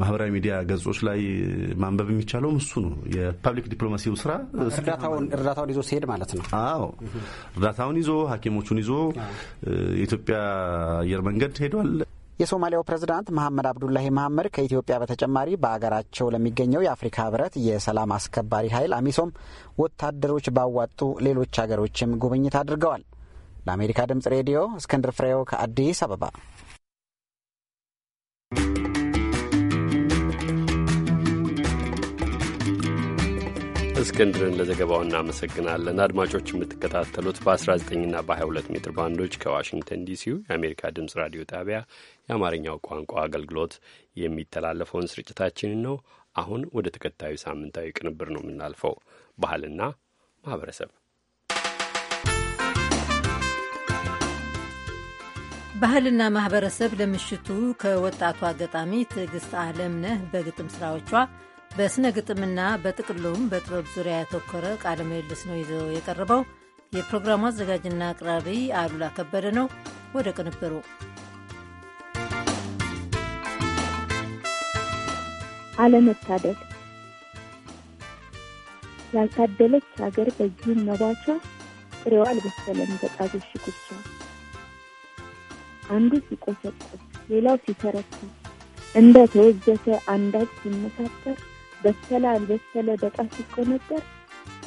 [SPEAKER 14] ማህበራዊ ሚዲያ ገጾች ላይ ማንበብ የሚቻለውም እሱ ነው። የፐብሊክ ዲፕሎማሲው ስራ እርዳታውን ይዞ ሲሄድ ማለት ነው። አዎ እርዳታውን ይዞ ሐኪሞቹን ይዞ የኢትዮጵያ አየር መንገድ ሄዷል። የሶማሊያው
[SPEAKER 9] ፕሬዝዳንት መሐመድ አብዱላሂ መሐመድ ከኢትዮጵያ በተጨማሪ በአገራቸው ለሚገኘው የአፍሪካ ህብረት የሰላም አስከባሪ ኃይል አሚሶም ወታደሮች ባዋጡ ሌሎች አገሮችም ጉብኝት አድርገዋል። ለአሜሪካ ድምጽ ሬዲዮ እስክንድር ፍሬው ከአዲስ አበባ
[SPEAKER 1] እስክንድርን ለዘገባው እናመሰግናለን። አድማጮች የምትከታተሉት በ19ና በ22 ሜትር ባንዶች ከዋሽንግተን ዲሲው የአሜሪካ ድምፅ ራዲዮ ጣቢያ የአማርኛው ቋንቋ አገልግሎት የሚተላለፈውን ስርጭታችንን ነው። አሁን ወደ ተከታዩ ሳምንታዊ ቅንብር ነው የምናልፈው። ባህልና ማህበረሰብ
[SPEAKER 3] ባህልና ማህበረሰብ ለምሽቱ ከወጣቷ ገጣሚ ትዕግስት አለምነህ በግጥም ስራዎቿ በስነ ግጥምና በጥቅሉም በጥበብ ዙሪያ ያተኮረ ቃለ ምልልስ ነው ይዞ የቀረበው። የፕሮግራሙ አዘጋጅና አቅራቢ አሉላ ከበደ ነው። ወደ ቅንብሩ
[SPEAKER 15] አለመታደል ያልታደለች ሀገር በዚህም መባቻ ጥሬዋ አልበሰለም በጣቶች ሽኩቻ። አንዱ ሲቆሰቁስ ሌላው ሲተረኩ እንደ ተወዘተ አንዳች ሲመሳተር በሰላም በሰለ በቃ ሲቆነጠር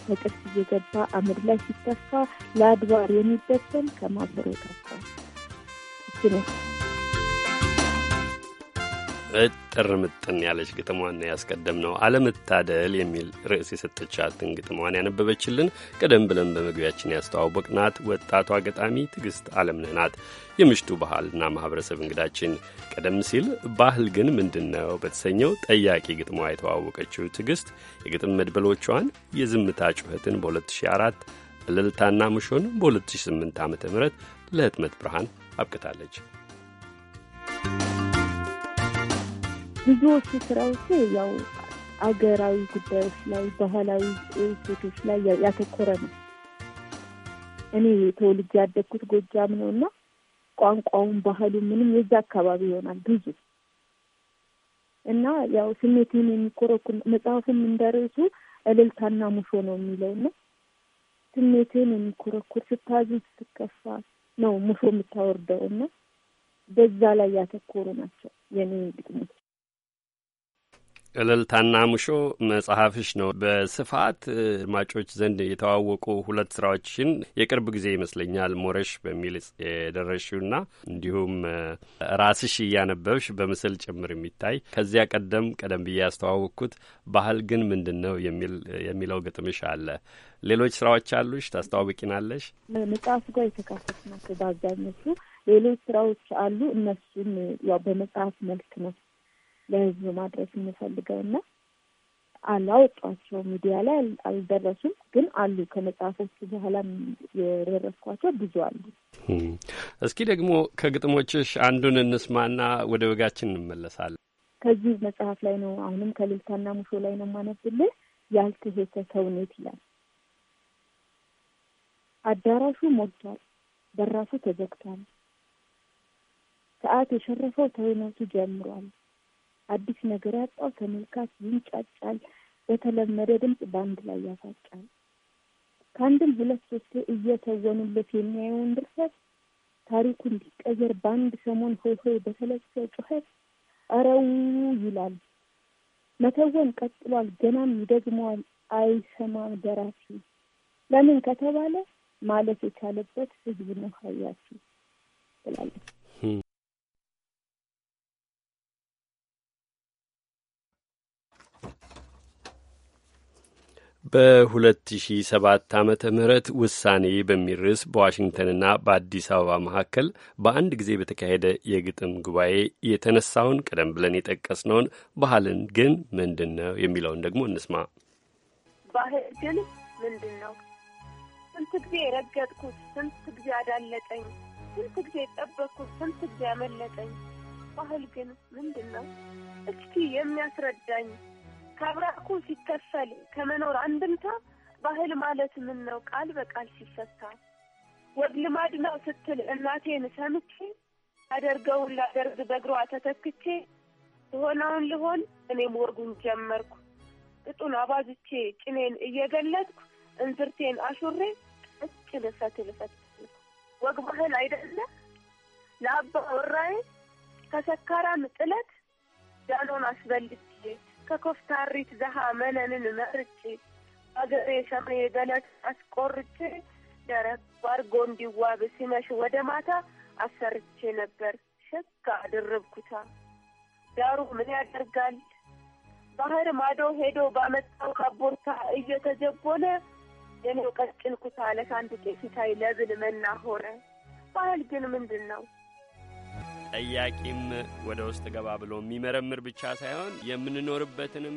[SPEAKER 15] ከቅርስ እየገባ አመድ ላይ ሲተፋ ለአድባር የሚበተን ከማሰሮ ጠፋ።
[SPEAKER 1] እጥር ምጥን ያለች ግጥሟን ያስቀደም ነው አለመታደል የሚል ርዕስ የሰጠቻትን ግጥሟን ያነበበችልን ቀደም ብለን በመግቢያችን ያስተዋወቅናት ወጣቷ ገጣሚ ትዕግስት አለምነህ ናት የምሽቱ ባህልና ማህበረሰብ እንግዳችን። ቀደም ሲል ባህል ግን ምንድን ነው በተሰኘው ጠያቂ ግጥሟ የተዋወቀችው ትዕግስት የግጥም መድበሎቿን የዝምታ ጩኸትን በ2004 እልልታና ሙሾን በ2008 ዓ ም ለህትመት ብርሃን አብቅታለች።
[SPEAKER 15] ብዙዎቹ ስራዎች ያው አገራዊ ጉዳዮች ላይ፣ ባህላዊ ሴቶች ላይ ያተኮረ ነው። እኔ ተወልጄ ያደግኩት ጎጃም ነው እና ቋንቋውን፣ ባህሉ ምንም የዛ አካባቢ ይሆናል ብዙ እና ያው ስሜትን የሚኮረኩር መጽሐፉም እንደርሱ እልልታና ሙሾ ነው የሚለው እና ስሜትን የሚኮረኩር ስታዝን፣ ስትከፋ ነው ሙሾ የምታወርደው እና በዛ ላይ ያተኮሩ ናቸው የኔ ግጥሞች።
[SPEAKER 1] እልልታና ሙሾ መጽሐፍሽ ነው። በስፋት አድማጮች ዘንድ የተዋወቁ ሁለት ስራዎችን የቅርብ ጊዜ ይመስለኛል ሞረሽ በሚል የደረሽውና እንዲሁም ራስሽ እያነበብሽ በምስል ጭምር የሚታይ ከዚያ ቀደም ቀደም ብዬ ያስተዋወቅኩት ባህል ግን ምንድን ነው የሚለው ግጥምሽ አለ። ሌሎች ስራዎች አሉሽ ታስተዋውቂናለሽ።
[SPEAKER 15] መጽሐፍ ጋር የተካፈት ናቸው በአብዛኞቹ። ሌሎች ስራዎች አሉ። እነሱን ያው በመጽሐፍ መልክ ነው ለህዝብ ማድረስ የምፈልገው እና አላወጧቸው ሚዲያ ላይ አልደረሱም፣ ግን አሉ። ከመጽሐፎች በኋላም የደረስኳቸው ብዙ አሉ።
[SPEAKER 1] እስኪ ደግሞ ከግጥሞችሽ አንዱን እንስማና ወደ ወጋችን እንመለሳለን።
[SPEAKER 15] ከዚህ መጽሐፍ ላይ ነው አሁንም ከልልታና ሙሾ ላይ ነው የማነብልህ። ያልተሄተ ሰውኔት ይላል። አዳራሹ ሞልቷል፣ በራፉ ተዘግቷል። ሰዓት የሸረፈው ተውነቱ ጀምሯል። አዲስ ነገር ያጣው ተመልካች ይንጫጫል። በተለመደ ድምፅ በአንድ ላይ ያፋጫል። ከአንድም ሁለት ሶስት እየተወኑለት የሚያየውን ድርሰት ታሪኩ እንዲቀየር በአንድ ሰሞን ሆይ ሆይ በተለሰ ጩኸት አረው ይላል። መተወን ቀጥሏል፣ ገናም ይደግመዋል። አይሰማም ደራሲ ለምን ከተባለ ማለት የቻለበት ህዝብ ነው። ሀያችሁ ትላለች።
[SPEAKER 1] በ2007 ዓመተ ምህረት ውሳኔ በሚል ርዕስ በዋሽንግተንና በአዲስ አበባ መካከል በአንድ ጊዜ በተካሄደ የግጥም ጉባኤ የተነሳውን ቀደም ብለን የጠቀስነውን ባህልን ግን ምንድን ነው የሚለውን ደግሞ እንስማ።
[SPEAKER 7] ባህል ግን ምንድን ነው? ስንት ጊዜ የረገጥኩት፣ ስንት ጊዜ አዳለጠኝ፣ ስንት ጊዜ የጠበቅኩት፣ ስንት ጊዜ ያመለጠኝ፣ ባህል ግን ምንድን ነው? እስኪ የሚያስረዳኝ ከብራኩ ሲከፈል ከመኖር አንድምታ ባህል ማለት ምን ነው ቃል በቃል ሲፈታ ወግ ልማድ ነው ስትል እናቴን ሰምቼ አደርገውን ላደርግ በእግሯ ተተክቼ ልሆነውን ልሆን እኔም ወጉን ጀመርኩ ቅጡን አባዝቼ ጭኔን እየገለጥኩ እንዝርቴን አሹሬ ቀጭን ፈትል ፈትል ወግ ባህል አይደለ ለአባ ወራዬ ከሰካራም ጥለት ዳኖን አስበልቼ ከኮፍታሪት ዘሃ መነንን መርጬ አገሬ ሸምኔ ገለት አስቆርቼ ደረቅ ባርጎ እንዲዋብ ሲመሽ ወደ ማታ አሰርቼ ነበር ሸካ አደረብኩታ። ዳሩ ምን ያደርጋል ባህር ማዶ ሄዶ ባመጣው ካቦርታ እየተጀቦለ የኔው ቀጭን ኩታ ለሳንድ ቄሲታይ ለብል መና ሆነ። ባህል ግን ምንድን ነው?
[SPEAKER 1] ጠያቂም ወደ ውስጥ ገባ ብሎ የሚመረምር ብቻ ሳይሆን የምንኖርበትንም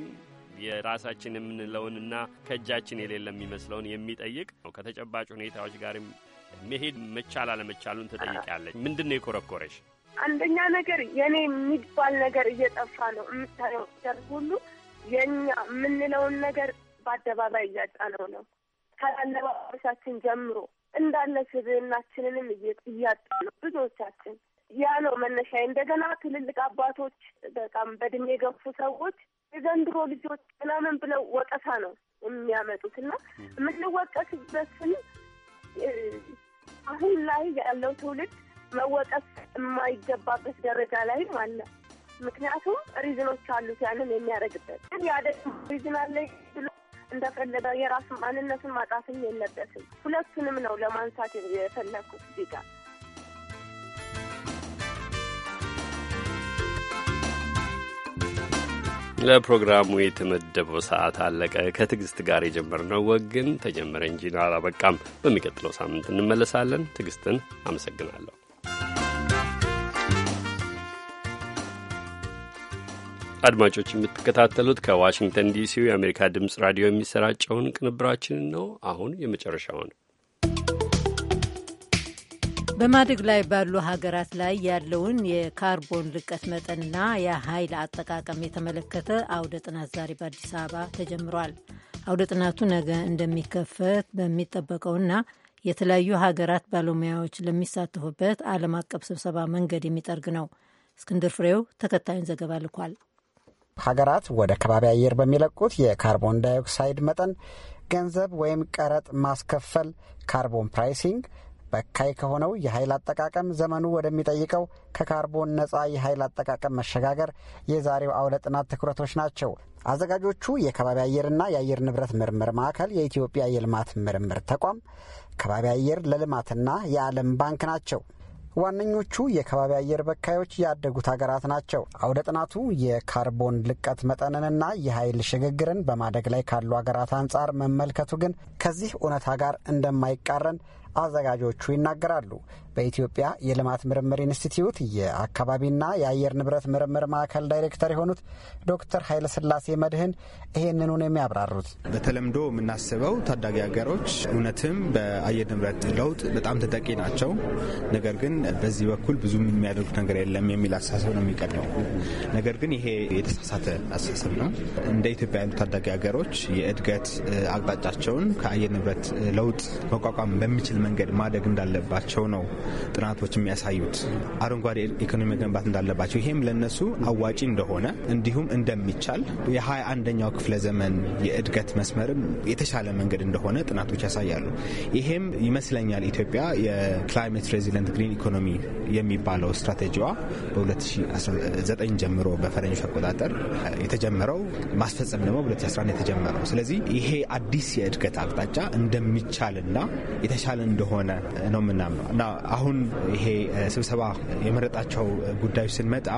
[SPEAKER 1] የራሳችን የምንለውንና ከእጃችን የሌለ የሚመስለውን የሚጠይቅ ነው። ከተጨባጭ ሁኔታዎች ጋር መሄድ መቻል አለመቻሉን ትጠይቂያለች። ምንድን ነው የኮረኮረሽ?
[SPEAKER 7] አንደኛ ነገር የኔ የሚባል ነገር እየጠፋ ነው። የምታየው ነገር ሁሉ የኛ የምንለውን ነገር በአደባባይ እያጣ ነው ነው ጀምሮ እንዳለ ስብዕናችንንም እያጣ ብዙዎቻችን። ያ ነው መነሻ። እንደገና ትልልቅ አባቶች፣ በጣም በድሜ የገፉ ሰዎች የዘንድሮ ልጆች ምናምን ብለው ወቀሳ ነው የሚያመጡት እና የምንወቀስበትን አሁን ላይ ያለው ትውልድ መወቀስ የማይገባበት ደረጃ ላይ አለ። ምክንያቱም ሪዝኖች አሉት ያንን የሚያደርግበት ግን ያደ ሪዝን አለ ብሎ እንደፈለገ የራሱ ማንነቱን ማጣትም የለበትም። ሁለቱንም ነው ለማንሳት የፈለግኩት እዚህ ጋር።
[SPEAKER 1] ለፕሮግራሙ የተመደበው ሰዓት አለቀ። ከትዕግስት ጋር የጀመርነው ወግ ግን ተጀመረ እንጂ አላበቃም። በሚቀጥለው ሳምንት እንመለሳለን። ትዕግስትን አመሰግናለሁ። አድማጮች የምትከታተሉት ከዋሽንግተን ዲሲ የአሜሪካ ድምፅ ራዲዮ የሚሰራጨውን ቅንብራችንን ነው። አሁን የመጨረሻውን
[SPEAKER 3] በማደግ ላይ ባሉ ሀገራት ላይ ያለውን የካርቦን ልቀት መጠንና የኃይል አጠቃቀም የተመለከተ አውደ ጥናት ዛሬ በአዲስ አበባ ተጀምሯል። አውደ ጥናቱ ነገ እንደሚከፈት በሚጠበቀውና የተለያዩ ሀገራት ባለሙያዎች ለሚሳተፉበት ዓለም አቀፍ ስብሰባ መንገድ የሚጠርግ ነው። እስክንድር ፍሬው ተከታዩን ዘገባ ልኳል።
[SPEAKER 9] ሀገራት ወደ ከባቢ አየር በሚለቁት የካርቦን ዳይኦክሳይድ መጠን ገንዘብ ወይም ቀረጥ ማስከፈል ካርቦን ፕራይሲንግ በካይ ከሆነው የኃይል አጠቃቀም ዘመኑ ወደሚጠይቀው ከካርቦን ነፃ የኃይል አጠቃቀም መሸጋገር የዛሬው አውለ ጥናት ትኩረቶች ናቸው። አዘጋጆቹ የከባቢ አየርና የአየር ንብረት ምርምር ማዕከል፣ የኢትዮጵያ የልማት ምርምር ተቋም፣ ከባቢ አየር ለልማትና የዓለም ባንክ ናቸው። ዋነኞቹ የከባቢ አየር በካዮች ያደጉት ሀገራት ናቸው። አውደ ጥናቱ የካርቦን ልቀት መጠንንና የኃይል ሽግግርን በማደግ ላይ ካሉ ሀገራት አንጻር መመልከቱ ግን ከዚህ እውነታ ጋር እንደማይቃረን አዘጋጆቹ ይናገራሉ። በኢትዮጵያ የልማት ምርምር ኢንስቲትዩት የአካባቢና የአየር ንብረት ምርምር ማዕከል ዳይሬክተር የሆኑት ዶክተር ኃይለስላሴ መድህን ይህንኑን የሚያብራሩት
[SPEAKER 13] በተለምዶ የምናስበው ታዳጊ ሀገሮች እውነትም በአየር ንብረት ለውጥ በጣም ተጠቂ ናቸው፣ ነገር ግን በዚህ በኩል ብዙም የሚያደርጉት ነገር የለም የሚል አስተሳሰብ ነው የሚቀድመው። ነገር ግን ይሄ የተሳሳተ አስተሳሰብ ነው። እንደ ኢትዮጵያ ያሉ ታዳጊ ሀገሮች የእድገት አቅጣጫቸውን ከአየር ንብረት ለውጥ መቋቋም በሚችል መንገድ ማደግ እንዳለባቸው ነው ጥናቶች የሚያሳዩት። አረንጓዴ ኢኮኖሚ መገንባት እንዳለባቸው ይሄም ለነሱ አዋጪ እንደሆነ እንዲሁም እንደሚቻል የሃያ አንደኛው ክፍለ ዘመን የእድገት መስመርም የተሻለ መንገድ እንደሆነ ጥናቶች ያሳያሉ። ይሄም ይመስለኛል ኢትዮጵያ የክላይሜት ሬዚለንት ግሪን ኢኮኖሚ የሚባለው ስትራቴጂዋ በ2019 ጀምሮ በፈረንጆች አቆጣጠር የተጀመረው ማስፈጸም ደግሞ 2011 የተጀመረው። ስለዚህ ይሄ አዲስ የእድገት አቅጣጫ እንደሚቻልና የተሻለ እንደሆነ ነው የምናምነው እና አሁን ይሄ ስብሰባ የመረጣቸው ጉዳዮች ስንመጣ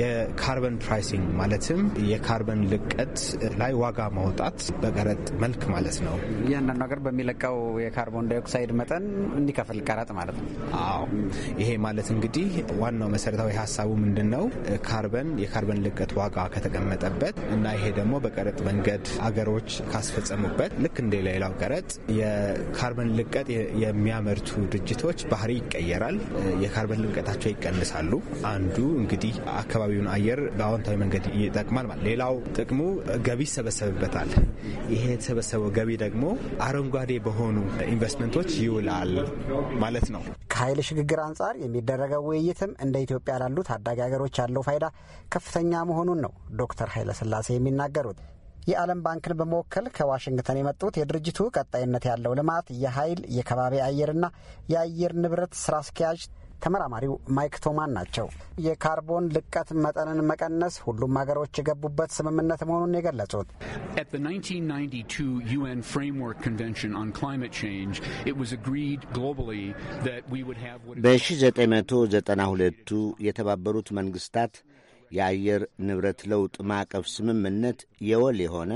[SPEAKER 13] የካርበን ፕራይሲንግ ማለትም የካርበን ልቀት ላይ ዋጋ ማውጣት በቀረጥ መልክ ማለት ነው።
[SPEAKER 9] እያንዳንዱ ሀገር በሚለቀው የካርቦን ዳይኦክሳይድ መጠን እንዲከፍል ቀረጥ
[SPEAKER 13] ማለት ነው። አዎ ይሄ ማለት እንግዲህ ዋናው መሰረታዊ ሀሳቡ ምንድን ነው? ካርበን የካርበን ልቀት ዋጋ ከተቀመጠበት እና ይሄ ደግሞ በቀረጥ መንገድ አገሮች ካስፈጸሙበት ልክ እንደ ሌላው ቀረጥ የካርበን ልቀት የሚያመርቱ ድርጅቶች ባህሪ ይቀየራል፣ የካርበን ልቀታቸው ይቀንሳሉ። አንዱ እንግዲህ አካባቢውን አየር በአዎንታዊ መንገድ ይጠቅማል ማለት። ሌላው ጥቅሙ ገቢ ይሰበሰብበታል። ይሄ የተሰበሰበው ገቢ ደግሞ አረንጓዴ በሆኑ ኢንቨስትመንቶች ይውላል ማለት ነው።
[SPEAKER 9] ከኃይል ሽግግር አንጻር የሚደረገው ውይይትም እንደ ኢትዮጵያ ላሉ ታዳጊ ሀገሮች ያለው ፋይዳ ከፍተኛ መሆኑን ነው ዶክተር ኃይለስላሴ የሚናገሩት። የዓለም ባንክን በመወከል ከዋሽንግተን የመጡት የድርጅቱ ቀጣይነት ያለው ልማት የኃይል የከባቢ አየርና የአየር ንብረት ስራ አስኪያጅ ተመራማሪው ማይክ ቶማን ናቸው። የካርቦን ልቀት መጠንን መቀነስ ሁሉም ሀገሮች የገቡበት ስምምነት መሆኑን የገለጹት
[SPEAKER 12] በ1992ቱ የተባበሩት መንግስታት የአየር ንብረት ለውጥ ማዕቀፍ ስምምነት የወል የሆነ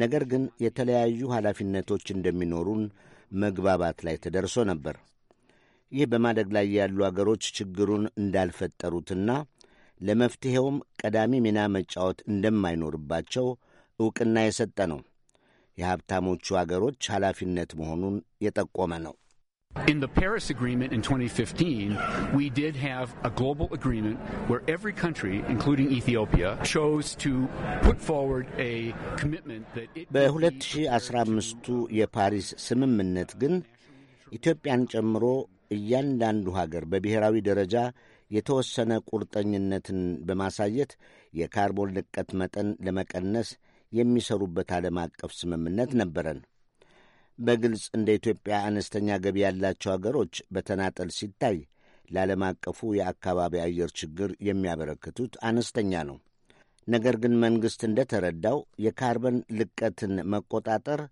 [SPEAKER 12] ነገር ግን የተለያዩ ኃላፊነቶች እንደሚኖሩን መግባባት ላይ ተደርሶ ነበር። ይህ በማደግ ላይ ያሉ አገሮች ችግሩን እንዳልፈጠሩትና ለመፍትሔውም ቀዳሚ ሚና መጫወት እንደማይኖርባቸው ዕውቅና የሰጠ ነው። የሀብታሞቹ አገሮች ኃላፊነት መሆኑን የጠቆመ ነው።
[SPEAKER 13] In the Paris Agreement in 2015, we did have a global agreement where every country,
[SPEAKER 12] including Ethiopia, chose to put forward a
[SPEAKER 4] commitment that
[SPEAKER 13] it
[SPEAKER 12] በ2015ቱ የፓሪስ ስምምነት ግን ኢትዮጵያን ጨምሮ እያንዳንዱ ሀገር በብሔራዊ ደረጃ የተወሰነ ቁርጠኝነትን በማሳየት የካርቦን ልቀት መጠን ለመቀነስ የሚሰሩበት ዓለም አቀፍ ስምምነት ነበረን። በግልጽ እንደ ኢትዮጵያ አነስተኛ ገቢ ያላቸው አገሮች በተናጠል ሲታይ ለዓለም አቀፉ የአካባቢ አየር ችግር የሚያበረክቱት አነስተኛ ነው። ነገር ግን መንግሥት እንደ ተረዳው የካርበን ልቀትን መቆጣጠር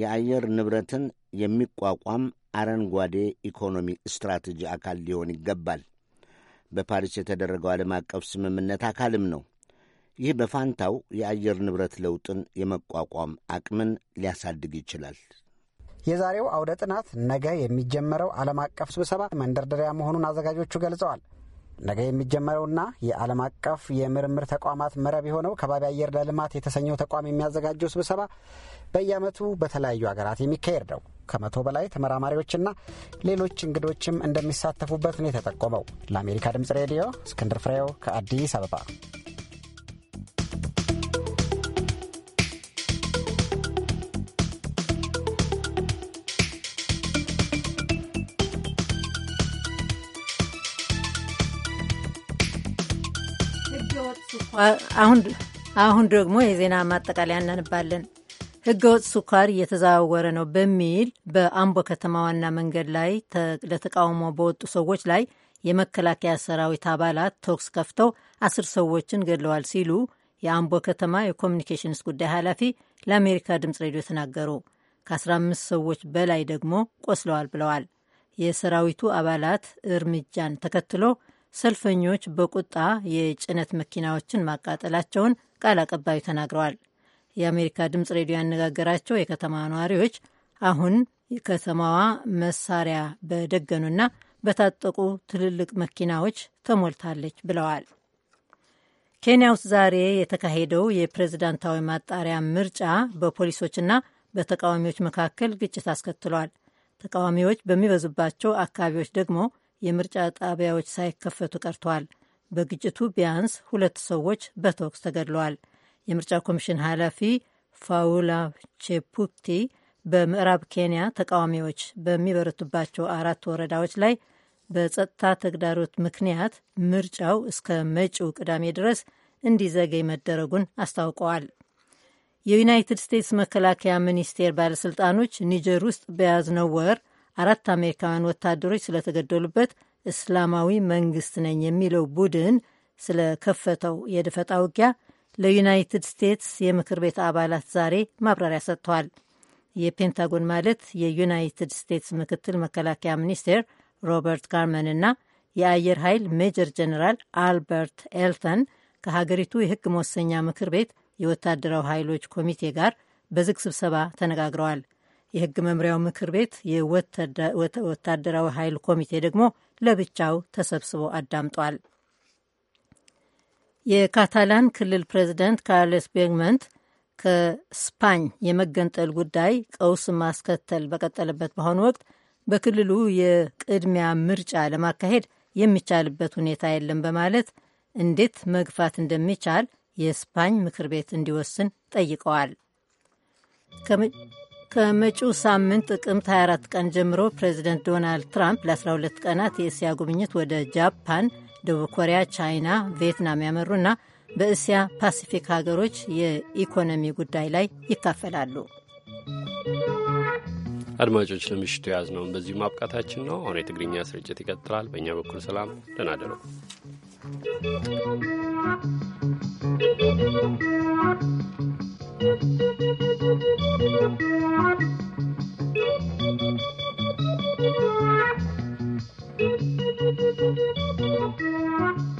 [SPEAKER 12] የአየር ንብረትን የሚቋቋም አረንጓዴ ኢኮኖሚ ስትራቴጂ አካል ሊሆን ይገባል። በፓሪስ የተደረገው ዓለም አቀፍ ስምምነት አካልም ነው። ይህ በፋንታው የአየር ንብረት ለውጥን የመቋቋም አቅምን ሊያሳድግ ይችላል።
[SPEAKER 9] የዛሬው አውደ ጥናት ነገ የሚጀመረው ዓለም አቀፍ ስብሰባ መንደርደሪያ መሆኑን አዘጋጆቹ ገልጸዋል። ነገ የሚጀመረውና የዓለም አቀፍ የምርምር ተቋማት መረብ የሆነው ከባቢ አየር ለልማት የተሰኘው ተቋም የሚያዘጋጀው ስብሰባ በየዓመቱ በተለያዩ ሀገራት የሚካሄድ ነው። ከመቶ በላይ ተመራማሪዎችና ሌሎች እንግዶችም እንደሚሳተፉበት ነው የተጠቆመው። ለአሜሪካ ድምፅ ሬዲዮ እስክንድር ፍሬው ከአዲስ አበባ
[SPEAKER 3] አሁን አሁን ደግሞ የዜና ማጠቃለያ እናንባለን። ህገወጥ ስኳር እየተዘዋወረ ነው በሚል በአምቦ ከተማ ዋና መንገድ ላይ ለተቃውሞ በወጡ ሰዎች ላይ የመከላከያ ሰራዊት አባላት ተኩስ ከፍተው አስር ሰዎችን ገድለዋል ሲሉ የአምቦ ከተማ የኮሚኒኬሽንስ ጉዳይ ኃላፊ ለአሜሪካ ድምፅ ሬዲዮ ተናገሩ። ከ15 ሰዎች በላይ ደግሞ ቆስለዋል ብለዋል። የሰራዊቱ አባላት እርምጃን ተከትሎ ሰልፈኞች በቁጣ የጭነት መኪናዎችን ማቃጠላቸውን ቃል አቀባዩ ተናግረዋል። የአሜሪካ ድምፅ ሬዲዮ ያነጋገራቸው የከተማ ነዋሪዎች አሁን ከተማዋ መሳሪያ በደገኑና በታጠቁ ትልልቅ መኪናዎች ተሞልታለች ብለዋል። ኬንያ ውስጥ ዛሬ የተካሄደው የፕሬዝዳንታዊ ማጣሪያ ምርጫ በፖሊሶችና በተቃዋሚዎች መካከል ግጭት አስከትሏል። ተቃዋሚዎች በሚበዙባቸው አካባቢዎች ደግሞ የምርጫ ጣቢያዎች ሳይከፈቱ ቀርተዋል። በግጭቱ ቢያንስ ሁለት ሰዎች በተኩስ ተገድለዋል። የምርጫ ኮሚሽን ኃላፊ ፋውላ ቼፑቲ በምዕራብ ኬንያ ተቃዋሚዎች በሚበረቱባቸው አራት ወረዳዎች ላይ በጸጥታ ተግዳሮት ምክንያት ምርጫው እስከ መጪው ቅዳሜ ድረስ እንዲዘገይ መደረጉን አስታውቀዋል። የዩናይትድ ስቴትስ መከላከያ ሚኒስቴር ባለሥልጣኖች ኒጀር ውስጥ በያዝነው ወር አራት አሜሪካውያን ወታደሮች ስለተገደሉበት እስላማዊ መንግስት ነኝ የሚለው ቡድን ስለከፈተው የድፈጣ ውጊያ ለዩናይትድ ስቴትስ የምክር ቤት አባላት ዛሬ ማብራሪያ ሰጥተዋል። የፔንታጎን ማለት የዩናይትድ ስቴትስ ምክትል መከላከያ ሚኒስቴር ሮበርት ጋርመን እና የአየር ኃይል ሜጀር ጀነራል አልበርት ኤልተን ከሀገሪቱ የህግ መወሰኛ ምክር ቤት የወታደራዊ ኃይሎች ኮሚቴ ጋር በዝግ ስብሰባ ተነጋግረዋል። የህግ መምሪያው ምክር ቤት የወታደራዊ ኃይል ኮሚቴ ደግሞ ለብቻው ተሰብስቦ አዳምጧል። የካታላን ክልል ፕሬዚደንት ካርለስ ቤግመንት ከስፓኝ የመገንጠል ጉዳይ ቀውስ ማስከተል በቀጠለበት በአሁኑ ወቅት በክልሉ የቅድሚያ ምርጫ ለማካሄድ የሚቻልበት ሁኔታ የለም በማለት እንዴት መግፋት እንደሚቻል የስፓኝ ምክር ቤት እንዲወስን ጠይቀዋል። ከመጪው ሳምንት ጥቅምት 24 ቀን ጀምሮ ፕሬዚደንት ዶናልድ ትራምፕ ለ12 ቀናት የእስያ ጉብኝት ወደ ጃፓን፣ ደቡብ ኮሪያ፣ ቻይና፣ ቪየትናም ያመሩና በእስያ ፓሲፊክ ሀገሮች የኢኮኖሚ ጉዳይ ላይ ይካፈላሉ።
[SPEAKER 1] አድማጮች ለምሽቱ የያዝነውን በዚሁ ማብቃታችን ነው። አሁን የትግርኛ ስርጭት ይቀጥላል። በእኛ በኩል ሰላም፣ ደህና እደሩ።
[SPEAKER 15] Thank you.